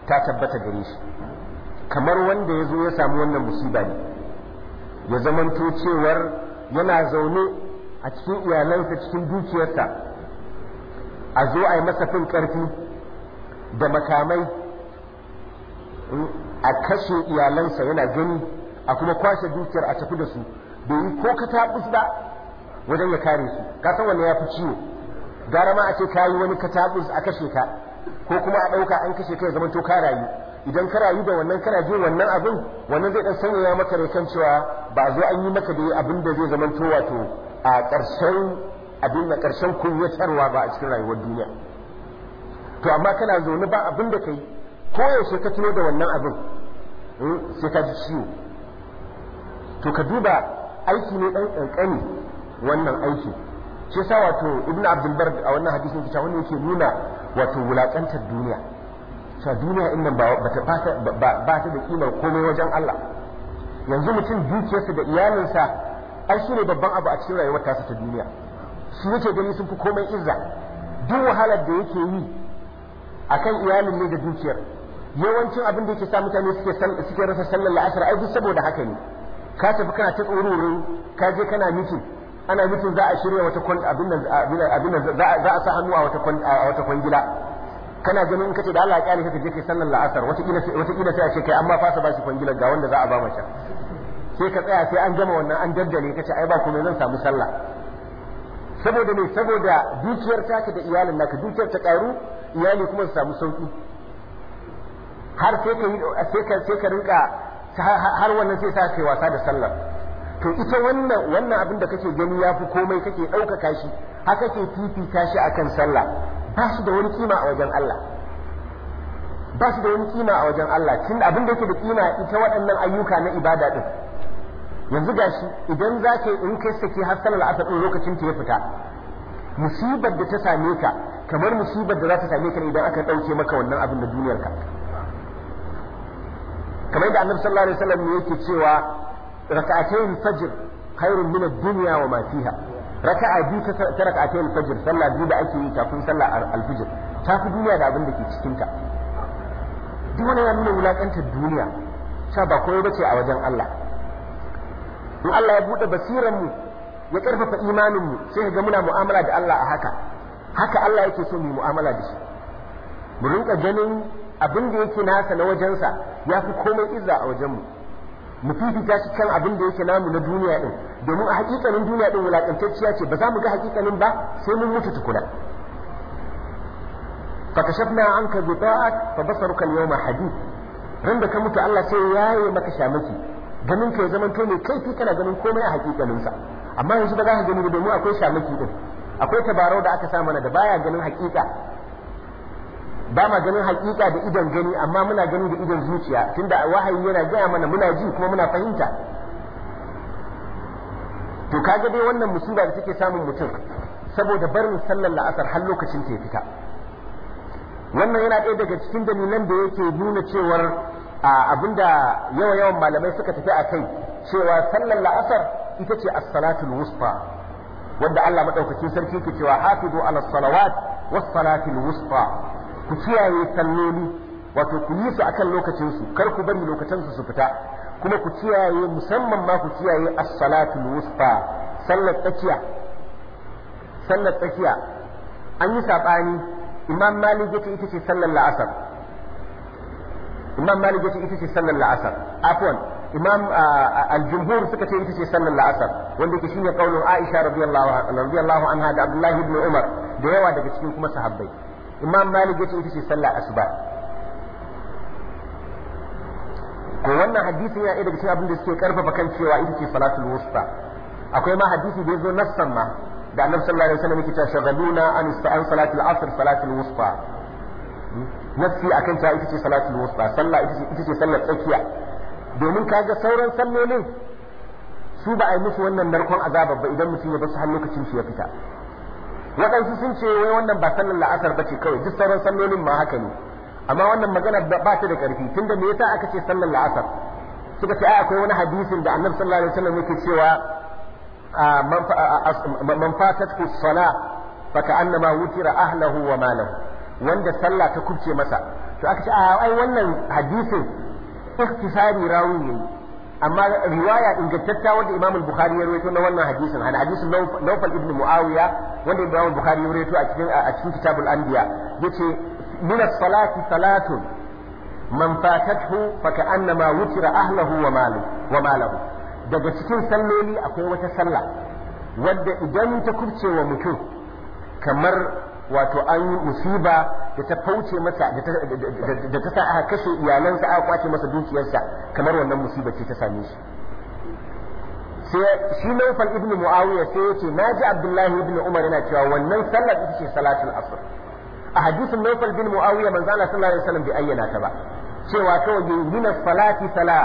[SPEAKER 1] ta tabbata gare shi kamar wanda ya zo ya samu wannan musiba ne ya zamanto cewar yana zaune a cikin iyalansa cikin dukiyarsa a zo a yi masa fin ƙarfi da makamai hmm, a kashe iyalansa yana gani a kuma kwashe dukiyar a tafi da su domin yi ko ka ba wajen ya kare su kasan wanda ya fi ciwo gara ma a ce ka wani katabus a kashe ka ko kuma a ɗauka an kashe ka ya zama to ka rayu idan ka rayu da wannan kana jin wannan abin wannan zai dan sanya maka rakan cewa ba zo an yi maka da abin da zai zama to wato a ƙarshen abin da ƙarshen kunyatarwa ba a cikin rayuwar duniya to amma kana zaune ba abin da kai ko yaushe ka tuno da wannan abin hmm, sai ka ji ciwo to ka duba aiki ne dan kankani wannan aiki shi yasa wato ibn abdul a wannan hadisin kita wani yake nuna wato wulakantar duniya cewa duniya in nan ba ta da kimar komai wajen Allah yanzu mutum dukiyarsa da iyalinsa ai ne babban abu a cikin rayuwar tasa ta duniya su yake gani sun fi komai izza duk wahalar da yake yi akan iyalin ne da dukiyar yawancin abin da yake sa mutane suke suke rasa sallar la'asar ai duk saboda haka ne ka tafi kana ta tsoro ka je kana mitin ana mutum za a shirya wata kwan abin abin za a sa hannu a wata kwan a wata kwangila kana ganin kace da Allah ya kyale ka je kai sallar la'asar wata kila wata kila sai a ce kai amma fasa ba shi kwangilar ga wanda za a ba mace sai ka tsaya sai an gama wannan an daddare kace ai ba komai zan samu sallah saboda ne saboda dukiyar taka da iyalin naka dukiyar ta karu iyali kuma su samu sauki har sai ka sai ka sai ka rinka har wannan sai sa kai wasa da sallar to ita wannan wannan abin da kake gani ya fi komai kake ɗaukaka shi haka ke fifita shi akan sallah ba shi da wani kima a wajen Allah ba shi da wani kima a wajen Allah tun abin da yake da kima ita waɗannan ayyuka na ibada din yanzu gashi idan za ka in kai sake har sallar asar din lokacin ta ya fita musibar da ta same ka kamar musibar da za ta same ka idan aka ɗauke maka wannan abin da duniyar ka. kamar da annabi sallallahu alaihi wasallam yake cewa raka'atayn fajr khairun min ad-dunya wa ma fiha raka'a biyu ta raka'atayn fajr sallah biyu da ake yi kafin sallah al-fajr ta duniya da abin da ke cikin ta duk wani ya nuna wulakantar duniya sha ba ba ce a wajen Allah in Allah ya buɗe basiran mu ya ƙarfafa imanin mu sai ga muna mu'amala da Allah a haka haka Allah yake so mu mu'amala da shi mu rinka ganin abin da yake nasa na wajensa ya fi komai izza a wajen mu mu fifita shi kan abin da yake namu na duniya din domin a hakikanin duniya din wulakantacciya ce ba za mu ga hakikanin ba sai mun mutu tukuna fakashafna anka bita'at fa basaruka al-yawma hadid ran da ka mutu Allah sai yaye maka shamaki ganin ka ya zama to ne kai fi kana ganin komai a hakikanin sa amma yanzu ba za ka gani domin akwai shamaki din akwai tabarau da aka sa mana da baya ganin hakika ba ma ganin hakika da idan gani amma muna gani da idan zuciya tunda wahayi yana gaya mana muna ji kuma muna fahimta to kaga dai wannan musiba da take samun mutum saboda barin sallar la'asar har lokacin ta fita wannan yana ɗaya daga cikin dalilan da yake nuna cewar abinda yawa yawan malamai suka tafi a kai cewa sallar la'asar ita ce as-salatul wusfa wanda Allah madaukakin sarki ke cewa hafizu ala salawat was salatul wusfa ku kiyaye salloli wato ku yi su akan lokacin su kar ku bari lokacin su su fita kuma ku kiyaye musamman ma ku kiyaye as-salatul wusta sallar tsakiya sallar tsakiya an yi sabani imam malik yace ita ce sallar la'asar imam malik yace ita ce sallar la'asar afwan imam al-jumhur suka ce ita ce sallar la'asar wanda yake shine kaulin aisha radiyallahu anha da abdullahi ibn umar da yawa daga cikin kuma sahabbai imam malik yace ita ce sallah asuba ko wannan hadisi yana daga cikin abin da suke karfafa kan cewa ita ce salatul wusta akwai ma hadisi da yazo nassan ma da annabi sallallahu alaihi wasallam yake cewa shagaluna an ista'an salatul asr salatul wusta nafsi akan ta ita ce salatul wusta sallah ita ce sallar tsakiya domin kaga sauran sallolin su ba a yi musu wannan narkon azaba ba idan mutum ya bar su har lokacin shi ya fita waɗansu sun ce wai wannan ba sallar la'asar ba ce kawai duk sauran sallolin ma haka ne amma wannan magana ba ta da ƙarfi tunda me yasa aka ce sallar la'asar suka ce akwai wani hadisin da annabi sallallahu alaihi wasallam yake cewa man fatatku sala fa ka'annama wutira ahlahu wa malahu wanda sallah ta kubce masa to aka ce ai wannan hadisin iktisari rawi ne amma riwaya ingantatta wanda Imam Bukhari ya rawaito na wannan hadisin hada hadisin Nawfal ibn Muawiya wanda Imam Bukhari ya rawaito a cikin a cikin Kitabul Anbiya yace min as-salati salatun man fatathu fa ka'annama wutira ahlihi wa malu wa malahu daga cikin salloli akwai wata sallah wadda idan ta kubce wa mutum kamar wato an yi musiba da ta fauce masa da ta sa aka kashe iyalansa aka kwace masa dukiyarsa kamar wannan musiba ce ta same shi sai shi Nawfal ibn Muawiya sai yace naji Abdullahi ibn Umar yana cewa wannan sallar ita ce salatul asr a hadisin Nawfal bin Muawiya manzo Allah sallallahu alaihi wasallam bai ayyana ta ba cewa kawai min salati sala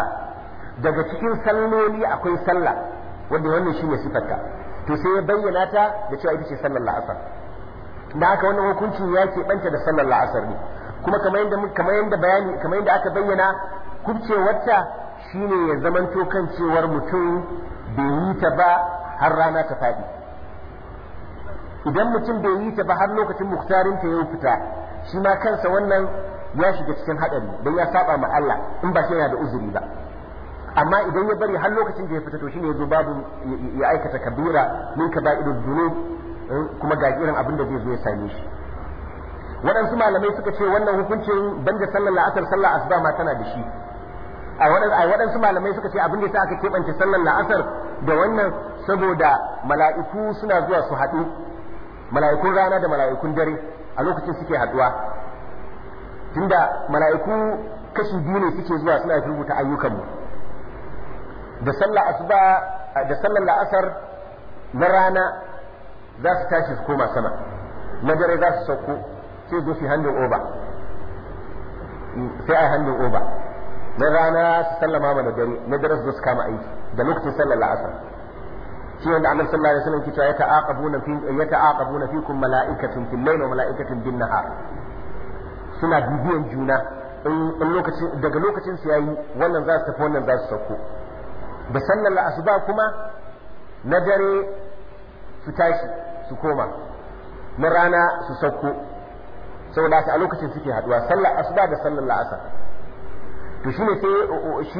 [SPEAKER 1] daga cikin salloli akwai sallah wanda wannan shine sifarta to sai ya bayyana ta da cewa ita ce sallar la'asar da haka wannan hukuncin ya ke ɓanta da sallar la'asar ne kuma kamar yadda kamar yadda bayani kamar yadda aka bayyana kubcewarta shine ya zamanto kan cewar mutum bai yi ta ba har rana ta faɗi idan mutum bai yi ta ba har lokacin muktarin ta ya fita shi ma kansa wannan ya shiga cikin haɗari don ya saba ma Allah in ba shi yana da uzuri ba amma idan ya bari har lokacin da ya fita to shine ya zo babu ya aikata kabira min kaba'irud dunub kuma ga irin abin da zai zo ya same shi waɗansu malamai suka ce wannan hukuncin banda sallar la'asar sallar asuba ma tana da shi a waɗansu malamai suka ce abin da sa aka keɓance sallar la'asar da wannan saboda mala'iku suna zuwa su haɗu mala'ikun rana da mala'ikun dare a lokacin suke haɗuwa tunda mala'iku kashi biyu ne suke zuwa suna rubuta ayyukanmu da sallar da sallar la'asar na rana za su tashi su koma sama na dare za su sauko sai zo su handin oba sai a yi handin oba na rana su sallama mana dare na dare su zo su kama aiki da lokacin sallar la'asar shi wanda annabi sallallahu alaihi wasallam ke cewa yata'aqabuna fi yata'aqabuna fikum mala'ikatun fil layli wa mala'ikatun bin nahar suna bibiyan juna in lokacin daga lokacin su yayi wannan za su tafi wannan za su sauko da sallar asuba kuma na dare su tashi su koma na rana su sauko saboda haka a lokacin suke haduwa sallar asuba da sallar la'asar to shi ne sai shi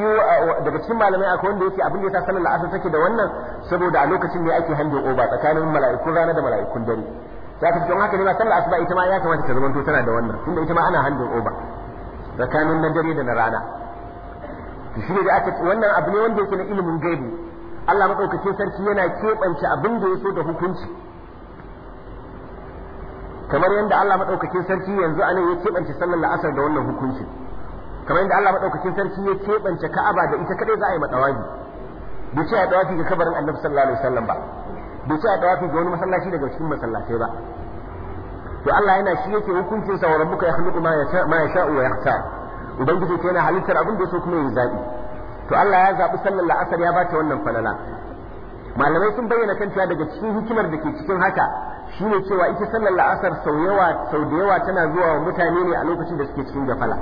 [SPEAKER 1] daga cikin malamai akwai wanda yake abin da yasa sallar la'asar take da wannan saboda a lokacin ne ake hanjo oba tsakanin mala'ikun rana da mala'ikun dare za ka cikin haka ne ma sallar asuba ita ma ya kamata ta zamanto tana da wannan tunda ita ma ana hanjo oba tsakanin na dare da na rana to shi ne da aka wannan abu ne wanda yake na ilimin gaibi Allah maɗaukakin sarki yana keɓance abin da ya so da hukunci kamar yadda Allah maɗaukakin sarki yanzu a nan ya keɓance sallar la'asar da wannan hukuncin kamar yadda Allah maɗaukakin sarki ya keɓance ka'aba da ita kadai za a yi maɗawabi bai ce a ɗawafi ga kabarin annabi sallallahu alaihi wasallam ba bai ce a ɗawafi ga wani masallaci daga cikin masallatai ba to Allah yana shi yake hukuncin sa wa rabbuka yakhluqu ma yasha ma yasha'u wa yakhtar ubangiji yana halittar abin da ya so kuma ya zabi to Allah ya zaɓi sallar la'asar ya bata wannan falala malamai sun bayyana kan cewa daga cikin hikimar da ke cikin haka shine cewa ita sallar la'asar sau yawa sau da yawa tana zuwa wa mutane ne a lokacin da suke cikin gafala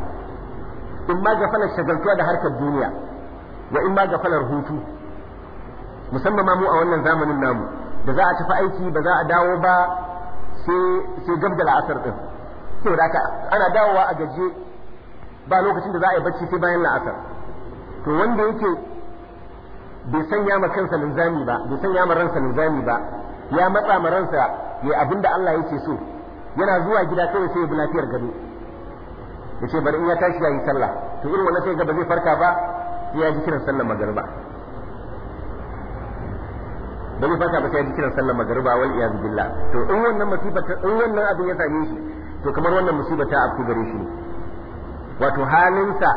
[SPEAKER 1] in ma gafalar shagaltuwa da harkar duniya wa in ma gafalar hutu musamman ma mu a wannan zamanin namu da za a tafi aiki ba za a dawo ba sai gab da la'asar din saboda ana dawowa a gaje ba lokacin da za a yi bacci sai bayan la'asar to wanda yake bai sanya ma kansa linzami ba bai sanya ma ransa linzami ba ya matsa ma ransa ya abinda Allah yake so yana zuwa gida kawai sai ya bi lafiyar gado yace bari in ya tashi ya yi sallah to irin wannan sai ga ba zai farka ba ya ji kiran sallar magariba ba zai farka ba sai ya ji kiran sallar magariba wal iyaz billah to in wannan musiba in wannan abin ya same shi to kamar wannan musiba ta ku gare shi ne. wato halinsa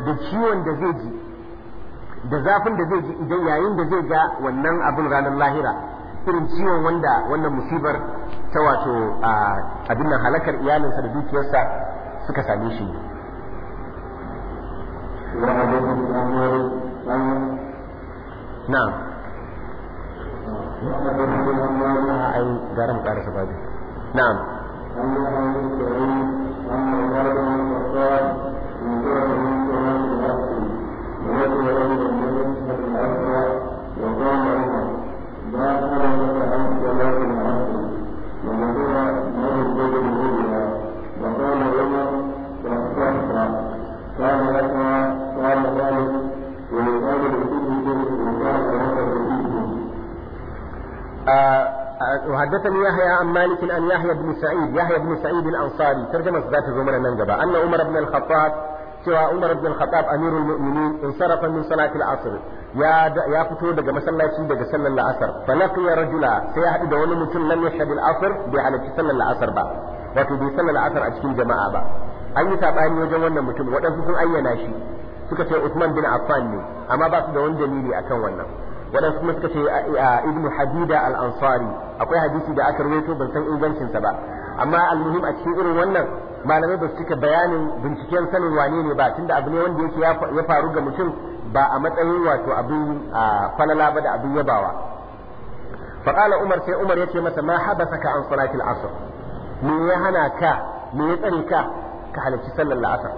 [SPEAKER 1] da ciwon da zai ji da zafin da zai ji idan yayin da zai ga wannan abin ranar lahira irin ciwon wanda wannan musibar ta wato abin nan halakar iyalinsa da dukiyarsa suka same shi na'am ai gara mu karasa babu
[SPEAKER 2] na'am Thank you.
[SPEAKER 1] وحدثني يحيى عن مالك عن يحيى بن سعيد يحيى بن سعيد الأنصاري ترجمة ذات زمن ننجبة أن عمر بن الخطاب سوى عمر بن الخطاب أمير المؤمنين انصرف من صلاة العصر يا د... يا فتو دغ مسلاشي دغ صلى العصر فلقي رجلا سي حدي ده وني متون لم يشهد العصر بي على صلى العصر با wato bai sallar asar a cikin jama'a ba an yi sabani wajen wannan mutum waɗansu sun ayyana shi suka ce Usman bin Affan ne amma ba su da wani dalili akan wannan waɗansu kuma suka ce ibnu hadida al-ansari akwai hadisi da aka rawaito ban san ingancinsa ba amma al-muhim a cikin irin wannan malamai ba su cika bayanin binciken sanin wane ne ba tunda abu ne wanda yake ya faru ga mutum ba a matsayin wato abin falala ba da abin yabawa faqala umar sai umar yace masa ma habasaka an salati al-asr me ya hana ka me ya tsare ka ka halarci sallar al-asr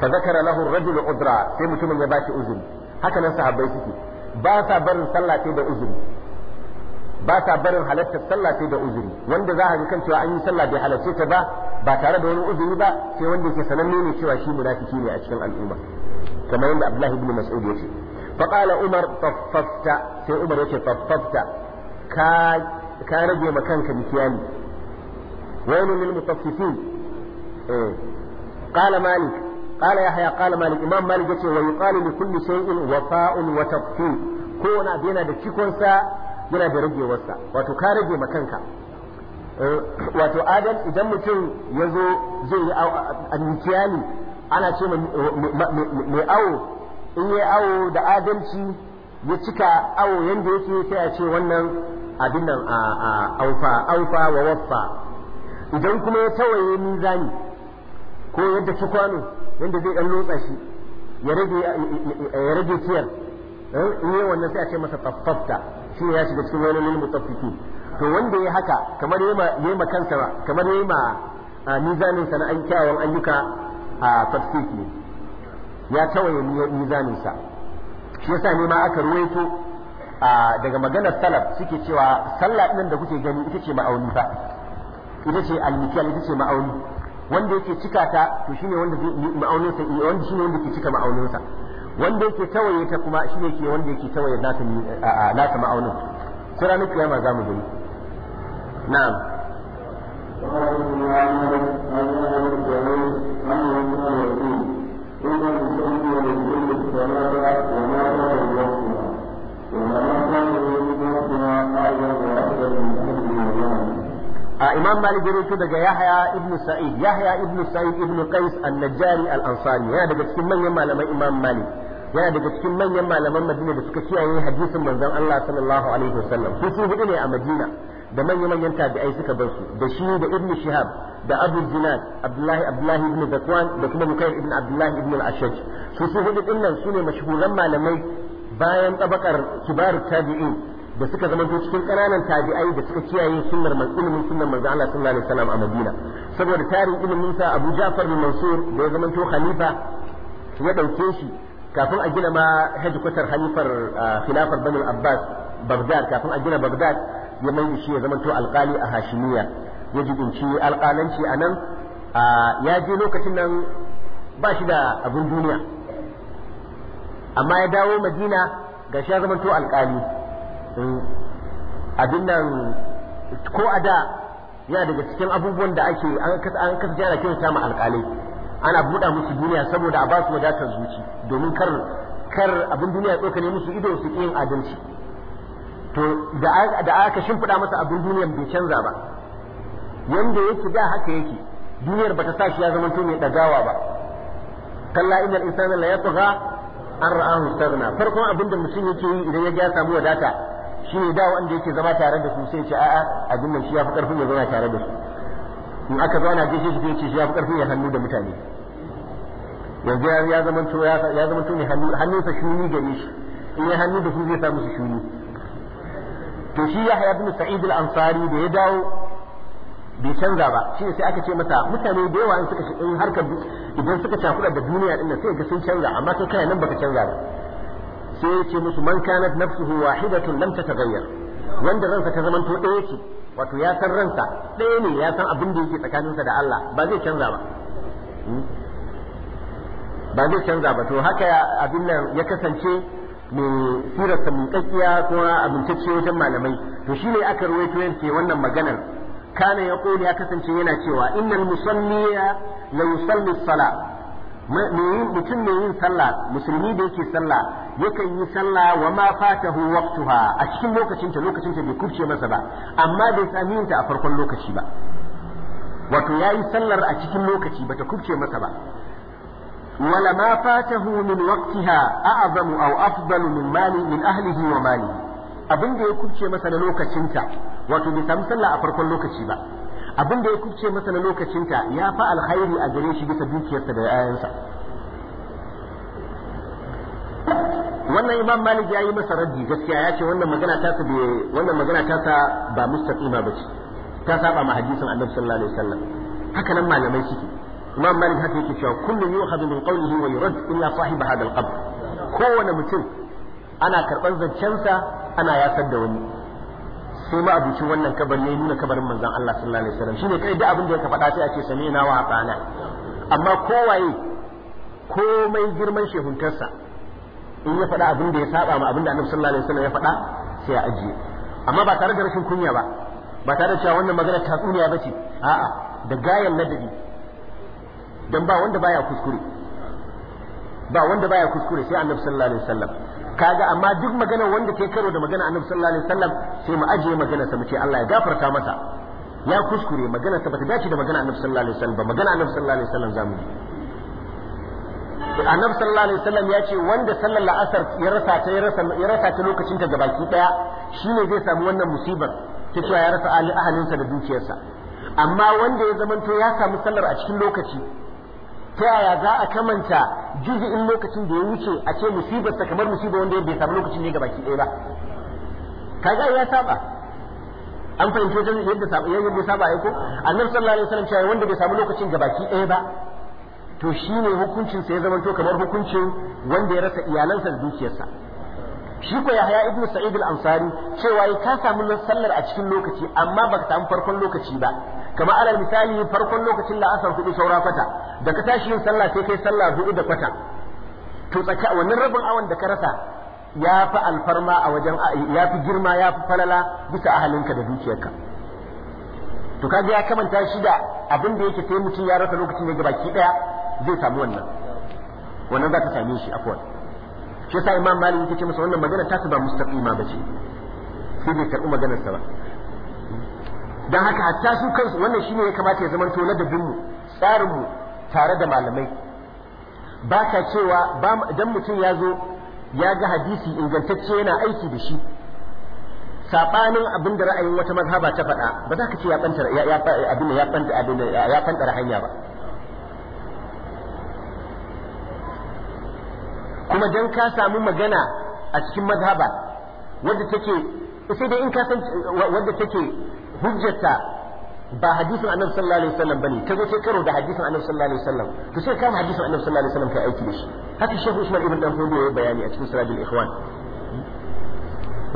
[SPEAKER 1] fa zakara lahu ar-rajul udra sai mutumin ya bashi uzuri haka nan sahabbai suke ba sa barin sallah sai da uzuri ba sa barin halartar sallah da uzuri wanda za a yi kan cewa an yi sallah bai halarce ta ba ba tare da wani uzuri ba sai wanda yake sananne ne cewa shi munafiki ne a cikin al'umma kamar yadda Abdullahi ibn Mas'ud yake fa qala Umar faffafta sai Umar yace faffafta ka ka rage ma kanka mikiyani wailun lil mutaffifin eh qala Malik قال يحيى قال مالك إمام مالك يتي ويقال لكل شيء وفاء وتفصيل كون أبينا da cikonsa yana da wasa. wato ka rage ma kanka wato adam idan mutum ya zo zai yi annukiyani ana ce mai awo in yi awo da Adamci ya cika awo yadda yake sai a ce wannan abin nan a aufa aufa wa waffa idan kuma ya tawaye mizani ko yadda ta kwano wanda zai dan lotsa shi ya rage ya rage ciyar eh, in yi wannan sai a ce masa tafafta shi ya shiga cikin wani lil mutaffiki to wanda ya haka kamar yayi ma kansa kamar yayi ma mizanin sa na aikawan ayyuka a tafsiki ya tawaye mizanin sa shi yasa ne ma aka ruwaito daga maganar salaf suke cewa sallah din da kuke gani ita ce ma'auni ba. ita ce almikiyal ita ce ma'auni wanda yake cika ta to shine wanda zai ma'aunin sa eh, wanda shine wanda ke cika ma'aunin sa wanda yake tawaye ta kuma shine ke wanda yake tawaye nata nata ma'aunin sai ranar kiyama za mu gani na'am
[SPEAKER 2] وما كان يريد
[SPEAKER 1] ربنا أعظم وأكبر من أهل imam malik ya rawaito daga Yahaya ibn sa'id Yahaya ibn sa'id ibn qais an-najjari al-ansari yana daga cikin manyan malaman imam malik yana daga cikin manyan malaman madina da suka kiyaye hadisin manzon Allah sallallahu alaihi wasallam su su hudu ne a madina da manyan manyan tabi'ai suka bar da shi da ibn shihab da abu zinad abdullahi abdullahi ibn zakwan da kuma mukayr ibn abdullahi ibn al-ashaj su su ɗinnan su ne mashhuran malamai bayan tabakar kibar tabi'in da suka zama cikin ƙananan tabi'ai da suka kiyaye sunnar man ilimin sunnar manzo Allah sallallahu alaihi wasallam a Madina saboda tarin ilimin sa Abu Ja'far bin Mansur da ya zama to khalifa ya dauke shi kafin a gina ma hajjukutar halifar khilafar Bani Abbas Baghdad kafin a gina Baghdad ya mai shi ya zama to alƙali a Hashimiyya ya jibinci alƙalanci a nan ya je lokacin nan ba shi da abin duniya amma ya dawo Madina ga shi ya zama to alƙali Eh, abin ko a da yana daga cikin abubuwan da ake an kasa jana ta ma alƙalai ana buɗa musu duniya saboda a ba su wadatar zuci domin kar kar abin duniya tsokane musu ido su yin adalci to da aka shimfiɗa masa abin duniyar bai canza ba yanda yake da haka yake duniyar bata sa shi ya zama mai dagawa ba kalla innal insana la yatgha an ra'ahu farkon abin da mutum yake yi idan ya ga samu wadata shi ne da wanda yake zama tare da su sai ce a'a abin nan shi ya fi karfin ya zauna tare da su in aka zauna gaishe shi ce shi ya fi karfin ya hannu da mutane yanzu ya zama to ya zama to ne hannunsa shuni gare shi in ya hannu da su zai samu su shuni to shi ya haya bin sa'id al-ansari da ya dawo bai canza ba shi sai aka ce masa mutane da yawa in suka in harkar idan suka cakuɗa da duniya din nan sai ga sun canza amma kai kana nan baka canza ba sai yace musu man kanat nafsuhu wahidatun lam tataghayyar wanda ransa ta zamanto ɗaya ce wato ya san ransa ɗaya ne ya san abin da yake tsakaninsa da Allah ba zai canza ba hmm? ba zai canza ba to haka abin nan ya kasance mai sirarsa miƙaƙƙiya ko abincacce wajen malamai to shine aka rawaito yanke wannan maganar kana ya ya kasance yana cewa innal musalliya la yusalli salat mutum mai yin sallah musulmi da yake sallah yakan yi sallah wa ma fatahu waqtuha a cikin lokacinta lokacinta bai kubce masa ba amma bai sami yinta a farkon lokaci ba wato yayi sallar a cikin lokaci bata kubce masa ba wala ma fatahu min waqtiha a'zamu aw afdalu min mali min ahlihi wa mali. abin da ya kubce masa da lokacinta wato bai sami sallah a farkon lokaci ba abin da ya kubce masa na lokacinta ya fa alkhairi a gare shi bisa dukiyarsa da yayansa wannan imam malik ya yi masa raddi gaskiya ya ce wannan magana ta sa wannan magana ta sa ba mustaqima bace ta saba ma hadisin annabi sallallahu alaihi wasallam haka nan malamai suke imam malik haka yake cewa kullu yu'khadhu min qawlihi wa yurad illa sahib hadha alqabr qabr kowane mutum ana karban zancensa ana yasar da wani sai ma abincin wannan kabar ne nuna kabarin manzon Allah sallallahu alaihi wasallam shine kai da abin da ya faɗa sai ake same na wa tsana amma kowaye komai girman shehuntarsa in ya faɗa abin da ya saba ma abin da Annabi sallallahu alaihi wasallam ya faɗa sai ya ajiye amma ba tare da rashin kunya ba ba tare da cewa wannan magana tatsuniya bace a'a da gayan ladabi dan ba wanda baya kuskure ba wanda baya kuskure sai Annabi sallallahu alaihi wasallam kaga amma duk magana wanda ke karo da magana annabi sallallahu alaihi wasallam sai mu ajiye magana sa mu ce Allah ya gafarta masa ya kuskure magana sa bata dace da magana annabi sallallahu alaihi wasallam ba magana annabi sallallahu alaihi wasallam zamu yi annabi sallallahu alaihi wasallam ya ce wanda sallar la'asar ya rasa ta ya rasa ta lokacin ta gabaki daya shine zai samu wannan musibar ta cewa ya rasa ahalinsa da dukiyarsa amma wanda ya zamanto ya samu sallar a cikin lokaci ta yaya za a kamanta juzi'in lokacin da ya wuce a ce musibar kamar musibar wanda bai samu lokacin ne ga baki ɗaya ba Ka yi ya saba an fahimci wajen yadda saba yadda saba ya ko annabi sallallahu alaihi wasallam cewa wanda bai samu lokacin ga baki ɗaya ba to shi ne hukuncinsa ya to kamar hukuncin wanda ya rasa iyalansa da dukiyarsa shi ko haya ibn Sa'id al-Ansari cewa ya ka samu sallar a cikin lokaci amma ba ka samu farkon lokaci ba kamar alal misali farkon lokacin la'asar hudu saura kwata da ka tashi yin sallah sai kai sallah hudu da kwata to tsaka wannan rabin awan da ka rasa ya fi alfarma a wajen ya fi girma ya fi falala bisa ahalinka da dukiyarka to kaga ya kamanta shi da abin da yake sai mutum ya rasa lokacin da gabaki daya zai samu wannan wannan za ta same shi afwan shi yasa imam malik yake ce masa wannan magana ta ba mustaqima bace sai bai karɓi maganar ba don haka hatta su kansu wannan shine ya kamata ya zama da ladabinmu tsarinmu tare da malamai ba ta cewa dan mutum ya zo ya ga hadisi ingantacce yana aiki da shi saɓanin abin da ra'ayin wata mazhaba ta faɗa ba za ka ce ya bantar hanya ba kuma don ka samu magana a cikin mazhaba wadda take in ka san wadda take hujjata ba hadisin annabi sallallahu alaihi wasallam bane ka zo karo da hadisin annabi sallallahu alaihi wasallam to sai kama hadisin annabi sallallahu alaihi wasallam kai aiki da shi haka shehu usman ibn dan fodiyo ya bayani a cikin sirajul ikhwan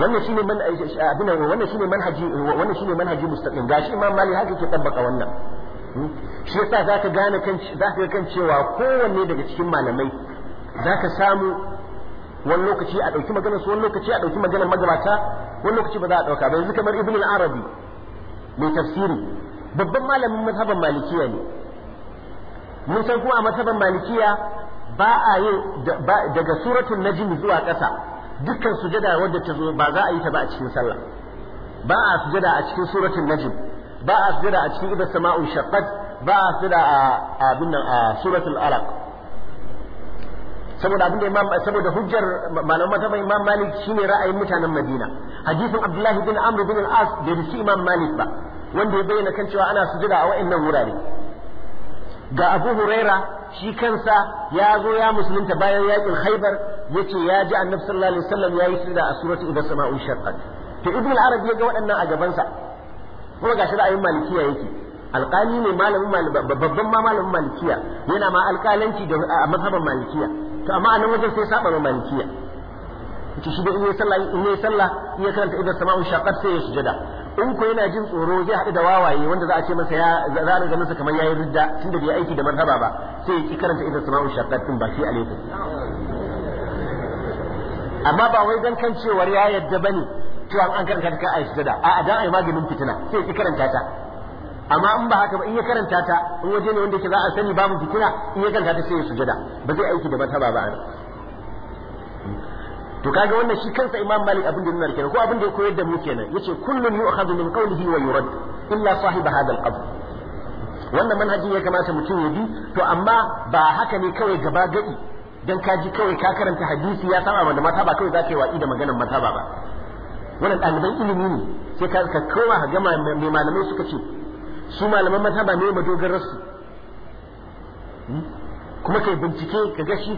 [SPEAKER 1] wannan shine man abin wannan shine manhaji wannan shine manhaji mustaqim gashi imam mali haka ke tabbaka wannan shi yasa zaka gane kan zaka kan cewa kowanne daga cikin malamai zaka samu wani lokaci a ɗauki maganar su wani lokaci a ɗauki maganar magabata wani lokaci ba za a ɗauka ba yanzu kamar ibn al-arabi mai tafsiri babban malamin mazhaban malikiya ne mun san kuma a mazhaban malikiya ba a yi daga suratul najm zuwa ƙasa dukkan sujada wadda ta zo ba za a yi ta ba a cikin sallah ba a sujada a cikin suratul najm ba a sujada a cikin idan sama'u shaqqat ba a sujada a abin nan a suratul alaq saboda abin da imam saboda hujjar malaman mazhabin imam malik shine ra'ayin mutanen madina hadisin abdullahi bin amr bin al-as bai rishi imam malik ba wanda ya bayyana kan cewa ana sujuda a wa'annan wurare ga abu huraira shi kansa ya zo ya musulunta bayan yakin khaybar yace ya ji annabi sallallahu alaihi wasallam yayi sujuda a suratu idza sama'u shaqqat to ibn al ya ga waɗannan a gaban sa kuma gashi ra'ayin malikiya yake alƙali ne malamin babban ma malamin malikiya yana ma alƙalanci da mazhaban malikiya to amma a nan wajen sai saba ma malikiya yace shi da in yi sallah in yi sallah in ya karanta idan sama'u shaqat sai ya sujada in ko yana jin tsoro zai haɗu da wawaye wanda za a ce masa ya za a ga masa kamar yayi ridda tunda bai aiki da marhaba ba sai ya ki karanta idan sama'u shaqat din ba shi alaikum amma ba wai dan kan cewar ya yadda bane to an karanta ta ka a sujada a'a dan ai maganin fitina sai ya ki karanta ta amma in ba haka ba in ya karanta ta in waje ne wanda yake za a sani babu fitina in ya karanta ta sai ya sujada ba zai aiki da mataba ba ana to kaga wannan shi kansa imam malik abin da nuna kenan ko abin da ya koyar da mu kenan yace kullun yu'khadhu min qawlihi wa yurad illa sahib hadha al-qabr wannan manhajin ya kamata mutum ya bi to amma ba haka ne kawai gaba gadi dan ka ji kawai ka karanta hadisi ya saba da mata ba kawai za ka yi wa'i da maganar mata ba wannan ɗaliban ilimi ne sai ka koma ga mai malamai suka ce su malaman mataba ne madogararsu hmm? kuma kai bincike ka ga shi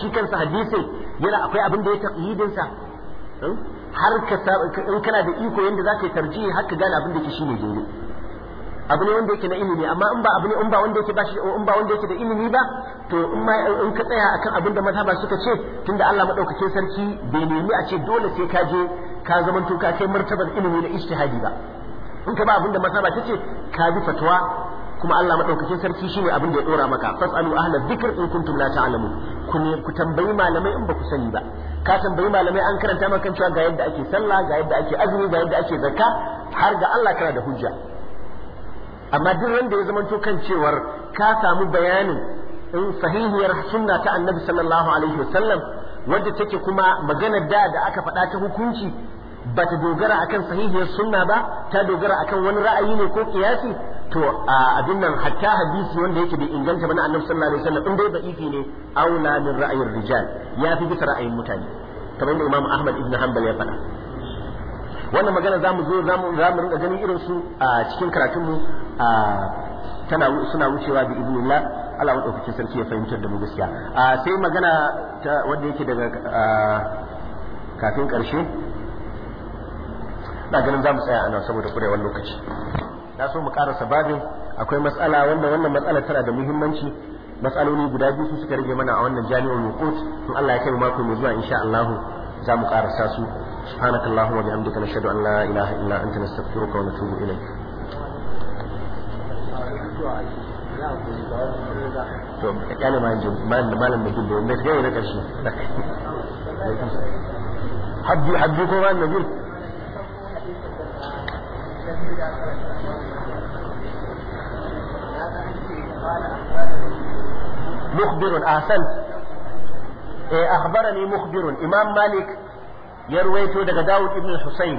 [SPEAKER 1] shi kansa hadisi yana akwai abin da ya taqyidin sa hmm? har ka in kana da iko yanda zaka yi tarjihi har ka gane abin da yake ne dole abu ne wanda yake na ilimi amma in ba abu ne in ba wanda yake bashi in ba wanda yake da ilimi ba to in ma in ka tsaya akan abin da mazhaba suka ce tunda Allah madaukakin sarki bai nemi a ce dole sai ka je ka zamanto ka kai martabar ilimi na ijtihadi ba in ka ba abin da masaba ta ce ka bi fatwa kuma Allah madaukakin sarki shine abin da ya dora maka fasalu ahla dhikr in kuntum la ta'lamu ku ku tambayi malamai in ba ku sani ba ka tambayi malamai an karanta maka cewa ga yadda ake sallah ga yadda ake azumi ga yadda ake zakka har ga Allah kana da hujja amma duk wanda ya zamanto kan cewar ka samu bayanin in sahihiyar sunna ta annabi sallallahu alaihi wasallam wadda take kuma magana da da aka faɗa ta hukunci ba ta dogara akan sahihiyar sunna ba ta dogara akan wani ra'ayi ne ko kiyasi to a abin nan hatta hadisi wanda yake bai inganta ba na annabi sallallahu alaihi wasallam in dai da'ifi ne aula min ra'ayin rijal ya fi bisa ra'ayin mutane kamar da imam ahmad ibn hanbal ya faɗa wannan magana za mu zo za mu rinka ganin irin su a cikin karatunmu tana suna wucewa bi idnillah Allah madaukakin sarki ya fahimtar da mu gaskiya sai magana ta wanda yake daga kafin karshe ina ganin za mu tsaya a nan saboda kurewar lokaci na so mu karasa babin akwai matsala wanda wannan matsala tana da muhimmanci matsaloli guda biyu su suka rage mana a wannan jami'ar wuqut in Allah ya kai mu mako mai zuwa insha Allah za mu karasa su سبحانك اللهم وبحمدك نشهد ان لا اله الا انت نستغفرك ونتوب اليك to kyale ma yanzu malam da jibbo da kai da karshe
[SPEAKER 2] habbi ko
[SPEAKER 1] مخبر أحسنت أخبرني مخبر إمام مالك يرويته daga داود ابن الحسين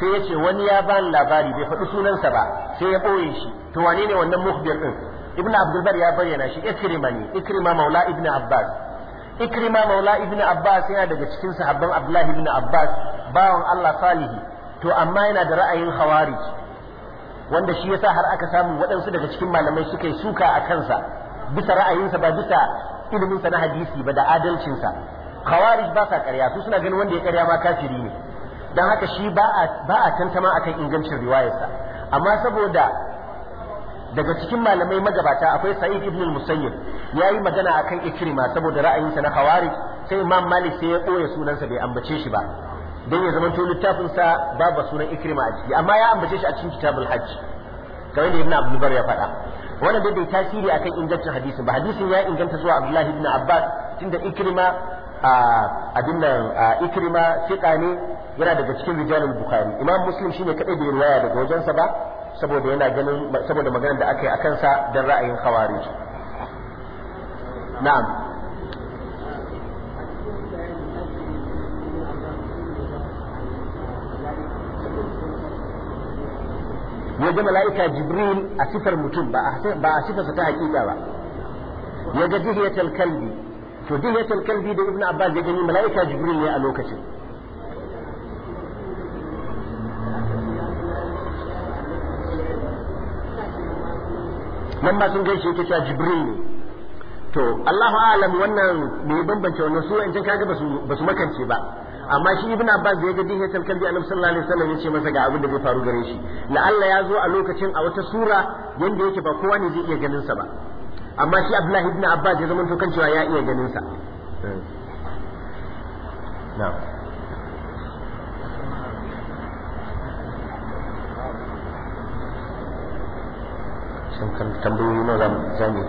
[SPEAKER 1] sai yace wani ya bani labari bai faɗi sunansa ba sai ya ɓoye shi to wane ne wannan muhbir din ibnu abdulbar ya bayyana shi ikrima ne ikrima maula ibnu abbas ikrima maula ibnu abbas yana daga cikin sahabban abdullahi ibnu abbas bawan allah salihi to amma yana da ra'ayin khawari wanda shi yasa har aka samu waɗansu daga cikin malamai suka yi suka a kansa bisa ra'ayinsa ba bisa iliminsa na hadisi ba da adalcinsa khawarij ba sa ƙarya su suna ganin wanda ya ƙarya ma kafiri ne don haka shi ba a tantama akan ingancin riwayarsa amma saboda daga cikin malamai magabata akwai sa'id ibn musayyib yi magana akan ikrima saboda ra'ayinsa na khawarij sai imam malik sai ya ɓoye sunansa bai ambace shi ba don ya zamanto littafin sa babu sunan ikrima a ciki amma ya ambace shi a cikin kitabul hajj kamar da ibn abdul bar ya faɗa wannan dai bai tasiri akan ingancin hadisin ba hadisin ya inganta zuwa abdullahi ibn abbas tunda ikrima abin nan ikrima sika ne yana daga cikin rijalul bukhari imam muslim shine kadai da riwaya daga wajensa ba saboda yana ganin saboda maganar da aka yi akan sa dan ra'ayin khawarij na'am ya ga mala'ika jibril a sifar mutum ba a sa ta hakika ba ya ga dihiyatul kalbi to dihiyatul kalbi da ibnu abbas ya gani mala'ika jibril ne a lokacin nan ba sun gaishe yake cewa jibril ne to Allahu alam wannan me bambance wannan su ba kaga ba su makance ba amma shi ibn abbas da ya ga dihatal kalbi annabi sallallahu alaihi wasallam yace masa ga abin da zai faru gare shi Allah ya zo a lokacin a wata sura yanda yake ba kowa ne zai iya ganin sa ba amma shi abdullahi ibn abbas ya zama kan cewa ya iya ganin sa na'am sun tambayoyi na zamu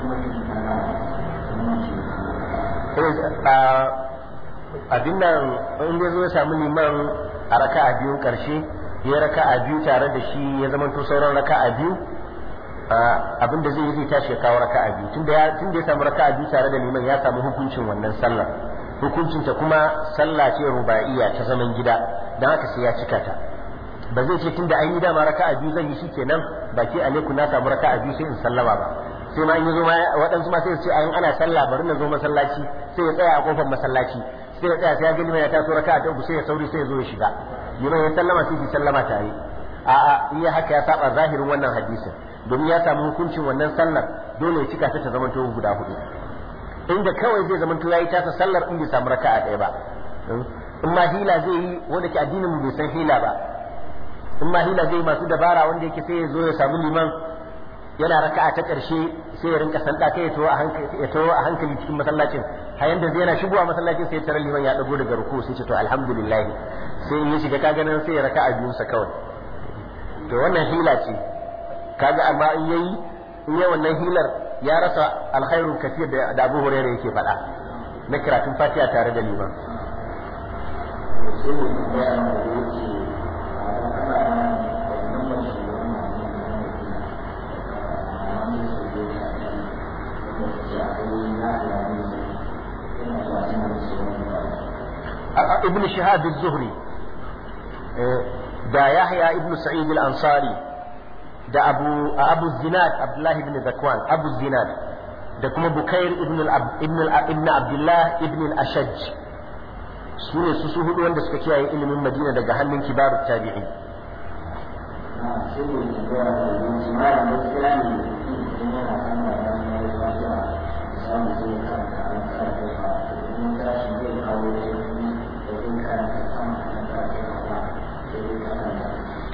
[SPEAKER 2] Eh,
[SPEAKER 1] abin nan in ya samu liman a raka a biyun ya raka a biyu tare da shi ya zama to sauran raka a biyu abin da zai yi zai tashi ya kawo raka a biyu tun da ya samu raka a biyu tare da liman ya samu hukuncin wannan sallar ta kuma sallah ce ruba'iyya ta zaman gida don haka sai ya cika ta ba zai ce tun da an yi dama raka a biyu zan yi shi kenan baki aleku na samu raka a biyu sai in sallama ba sai ma in yazo ma waɗansu ma sai su ce ayin ana sallah bari na zo masallaci sai ya tsaya a kofar masallaci sai ya tsaya sai ya gani mai ya taso raka a uku sai ya sauri sai ya zo ya shiga yana ya sallama sai ki sallama tare a'a a iya haka ya saba zahirin wannan hadisin domin ya samu hukuncin wannan sallar dole ya cika ta ta zamanto guda hudu inda kawai zai zamanto ta tasa sallar in bai samu a ɗaya ba in ma hila zai yi wanda ke addinin bai san hila ba in ma hila zai masu dabara wanda yake sai ya zo ya samu liman yana raka'a ta ƙarshe sai ya rinka sanda kai ya a hankali a hankali cikin masallacin har yanda zai yana shigowa masallacin sai ya tarar liman ya dago daga ruku sai ce to alhamdulillah sai in ya shiga kaga nan sai ya raka'a biyun sa kawai to wannan hila ce kaga amma in yayi in yayi wannan hilar ya rasa alkhairun kafir da Abu Hurairah yake faɗa na karatun Fatiha tare da liman sai ibn shihab zuhri eh, da yahya ibn sa'id al-ansari da abu abu zinad abdullah ibn zakwan abu zinad da kuma bukair ibn ibn ibn ashaj su ne su su wanda suka kiyaye ilimin madina daga hannun kibarut tabi'in
[SPEAKER 2] shi ne da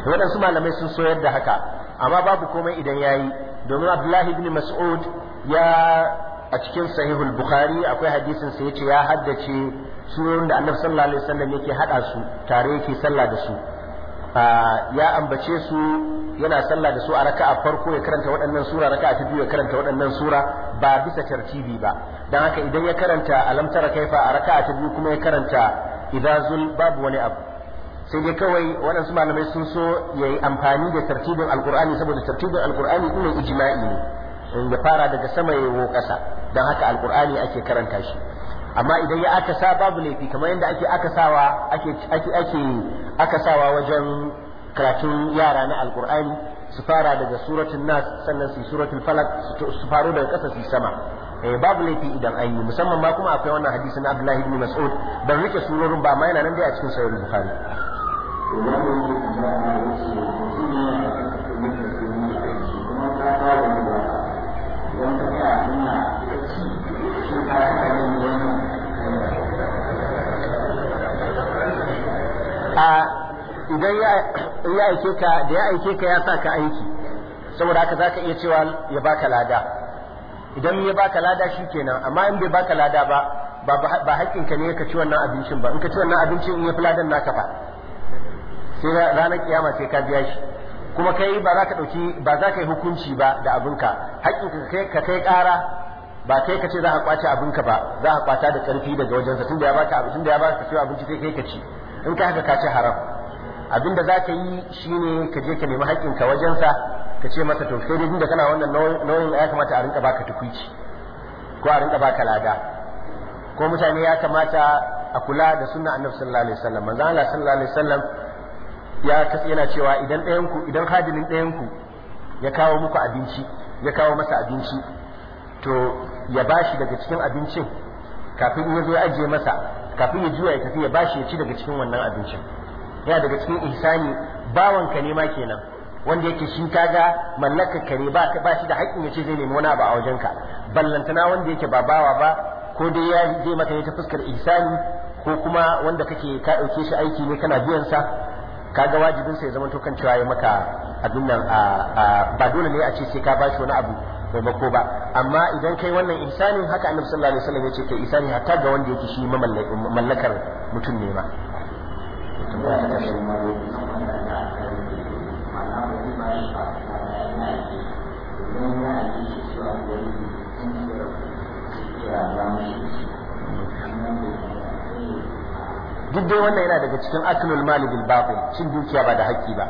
[SPEAKER 1] waɗansu malamai sun soyar da haka amma babu komai idan yayi domin abdullahi ibn mas'ud ya a cikin sahihul bukhari akwai hadisin sa yace ya haddace sunan da annabi sallallahu alaihi wasallam yake hada su tare yake sallah da su ya ambace su yana sallah da su a raka'a farko ya karanta waɗannan sura raka'a ta biyu ya karanta waɗannan sura ba bisa tartibi ba dan haka idan ya karanta alam tara kaifa a raka'a ta biyu kuma ya karanta idazul babu wani abu sai dai kawai waɗansu malamai sun so ya yi amfani da tartibin alkur'ani saboda tartibin alkur'ani ɗin ijma'i ne ya fara daga sama ya yi ƙasa dan haka alkur'ani ake karanta shi amma idan ya aka sa babu laifi kamar yadda ake aka sawa ake ake ake aka sawa wajen karatun yara na alqur'ani su fara daga suratul nas sannan su suratul falaq su faro daga ƙasa su sama eh babu laifi idan an yi musamman ma kuma akwai wannan hadisi na Abdullahi ibn Mas'ud ban rike surorin ba amma yana nan dai a cikin sahih
[SPEAKER 2] Bukhari Thank you.
[SPEAKER 1] idan ya aike ka da ya aike ka ya sa ka aiki saboda haka ka iya cewa ya baka lada idan ya baka lada kenan amma in bai baka lada ba ba haƙƙinka ne ka ci wannan abincin ba in ka ci wannan abincin in ya fi ladan naka ba sai ranar kiyama sai ka biya shi kuma kai ba za ka ɗauki ba za ka yi hukunci ba da abinka haƙƙin ka kai ƙara ba kai ka ce za a kwace abinka ba za a kwata da ƙarfi daga wajensa tun da ya baka abinci da ya baka abinci sai kai ka ci in ka haka ka ci haram abinda za ka yi shine ka je ka nemi haƙƙinka wajensa ka ce masa to sai dai da kana wannan nauyin ya kamata a rinka baka tukuici ko a rinka baka lada ko mutane ya kamata a kula da sunna annabi sallallahu alaihi wasallam manzo Allah sallallahu alaihi wasallam ya kace yana cewa idan ɗayan ku idan hadimin ɗayan ku ya kawo muku abinci ya kawo masa abinci to ya bashi daga cikin abincin kafin ya zo ya ajiye masa kafin ya juya ya tafi ya bashi ya ci daga cikin wannan abincin yana daga cikin ihsani bawanka ne ma kenan wanda yake shi ga mallaka ka ne ba shi da haƙƙin ya ce zai nemi wani abu a wajenka ballantana wanda yake ba bawa ba ko dai ya je maka ne ta fuskar ihsani ko kuma wanda kake ka ɗauke shi aiki ne kana biyan sa kaga wajibin sa ya zama to kan cewa ya maka abin nan ba dole ne a ce sai ka bashi wani abu taimako ba amma idan kai wannan ihsanin haka annabi sallallahu alaihi wasallam yace kai ihsani hatta ga wanda yake shi mallakar mutum ne ma duk dai wannan yana daga cikin aklul mali bil batil cin dukiya ba da haƙƙi ba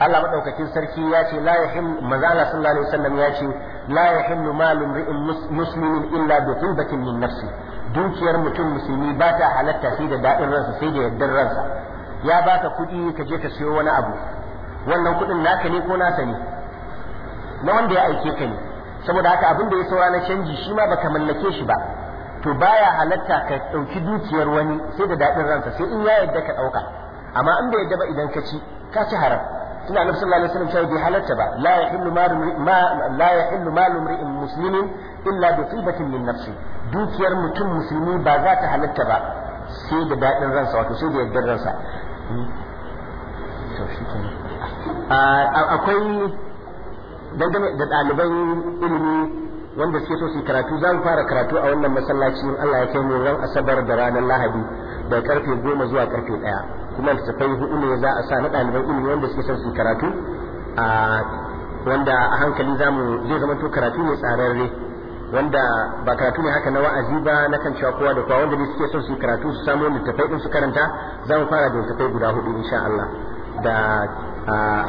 [SPEAKER 1] Allah madaukakin sarki ya ce la yahim manzo Allah sallallahu alaihi wasallam ya ce la yahim malum ri'in muslimin illa bi tubatin min nafsi dukiyar mutum musulmi ba ta halatta sai da dadin ransa sai da yaddar ransa ya baka kuɗi ka je ka siyo wani abu wannan kuɗin naka ne ko nasa ne na wanda ya aike ka ne saboda haka abin da ya saura na canji shi ma baka mallake shi ba to baya halatta ka ɗauki dukiyar wani sai da dadin ransa sai in ya yadda ka ɗauka amma in bai yadda ba idan ka ci ka ci haram tunda annabi sallallahu alaihi wasallam cewa bai halatta ba la yahillu malu ma la yahillu malu imri'in muslimin illa bi tibatin min nafsi dukiyar mutum musulmi ba za ta halatta ba sai da dadin ransa wato sai da yardar ransa to akwai dangane da ɗaliban ilimi wanda suke so su karatu za mu fara karatu a wannan masallaci in Allah ya kai mu ran asabar da ranar lahadi da karfe goma zuwa karfe ɗaya kuma littattafai hudu ne za a sa na ɗaliban ilimi wanda suke son su karatu a wanda a hankali mu zai zama to karatu ne tsararre wanda ba karatu ne haka na wa'azi ba na kan cewa kowa da kowa wanda ne suke son su karatu su samu littattafai din su karanta za mu fara da littattafai guda hudu insha Allah da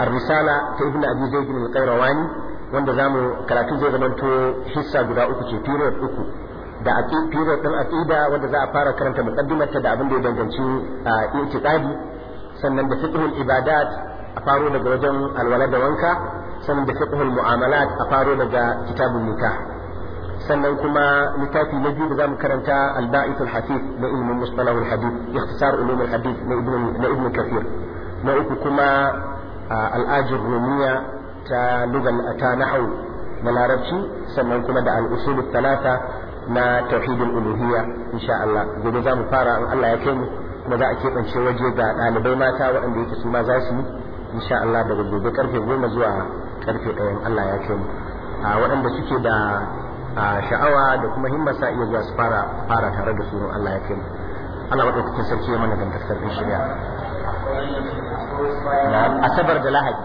[SPEAKER 1] ar-risala ta ibn abi zaid al-qayrawani wanda zamu karatu zai zama to hissa guda uku ce period uku da aqida period din aqida wanda za a fara karanta muqaddimar ta da abin da ya danganci i'tiqadi sannan da fiqhul ibadat a faro daga wajen alwala da wanka sannan da fiqhul mu'amalat a faro daga kitabun nika sannan kuma littafi na biyu da zamu karanta al-ba'ith al-hasib na ilmu mustalah al-hadith ikhtisar ulum al-hadith na ibn na ibn kathir na uku kuma al rumiya ta lugal ta nahwu na larabci sannan kuma da al-usul thalatha na tauhidul uluhiyya insha Allah gobe za mu fara in Allah ya kai mu kuma za a keɓance waje ga ɗalibai mata waɗanda yake su ma za su yi insha Allah daga gobe karfe goma zuwa karfe in Allah ya kai mu a waɗanda suke da sha'awa da kuma himma sa iya zuwa su fara fara tare da su Allah ya kai mu Allah maɗaukakin sarki ya mana dangantakar ɗin shirya
[SPEAKER 2] asabar da lahadi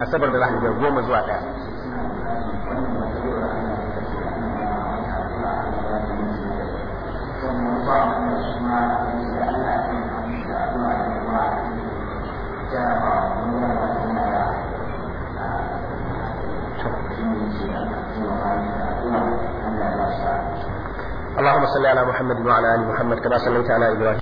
[SPEAKER 1] asabar da lahadi da goma zuwa ɗaya اللهم صل على محمد وعلى ال محمد كما صليت على ابراهيم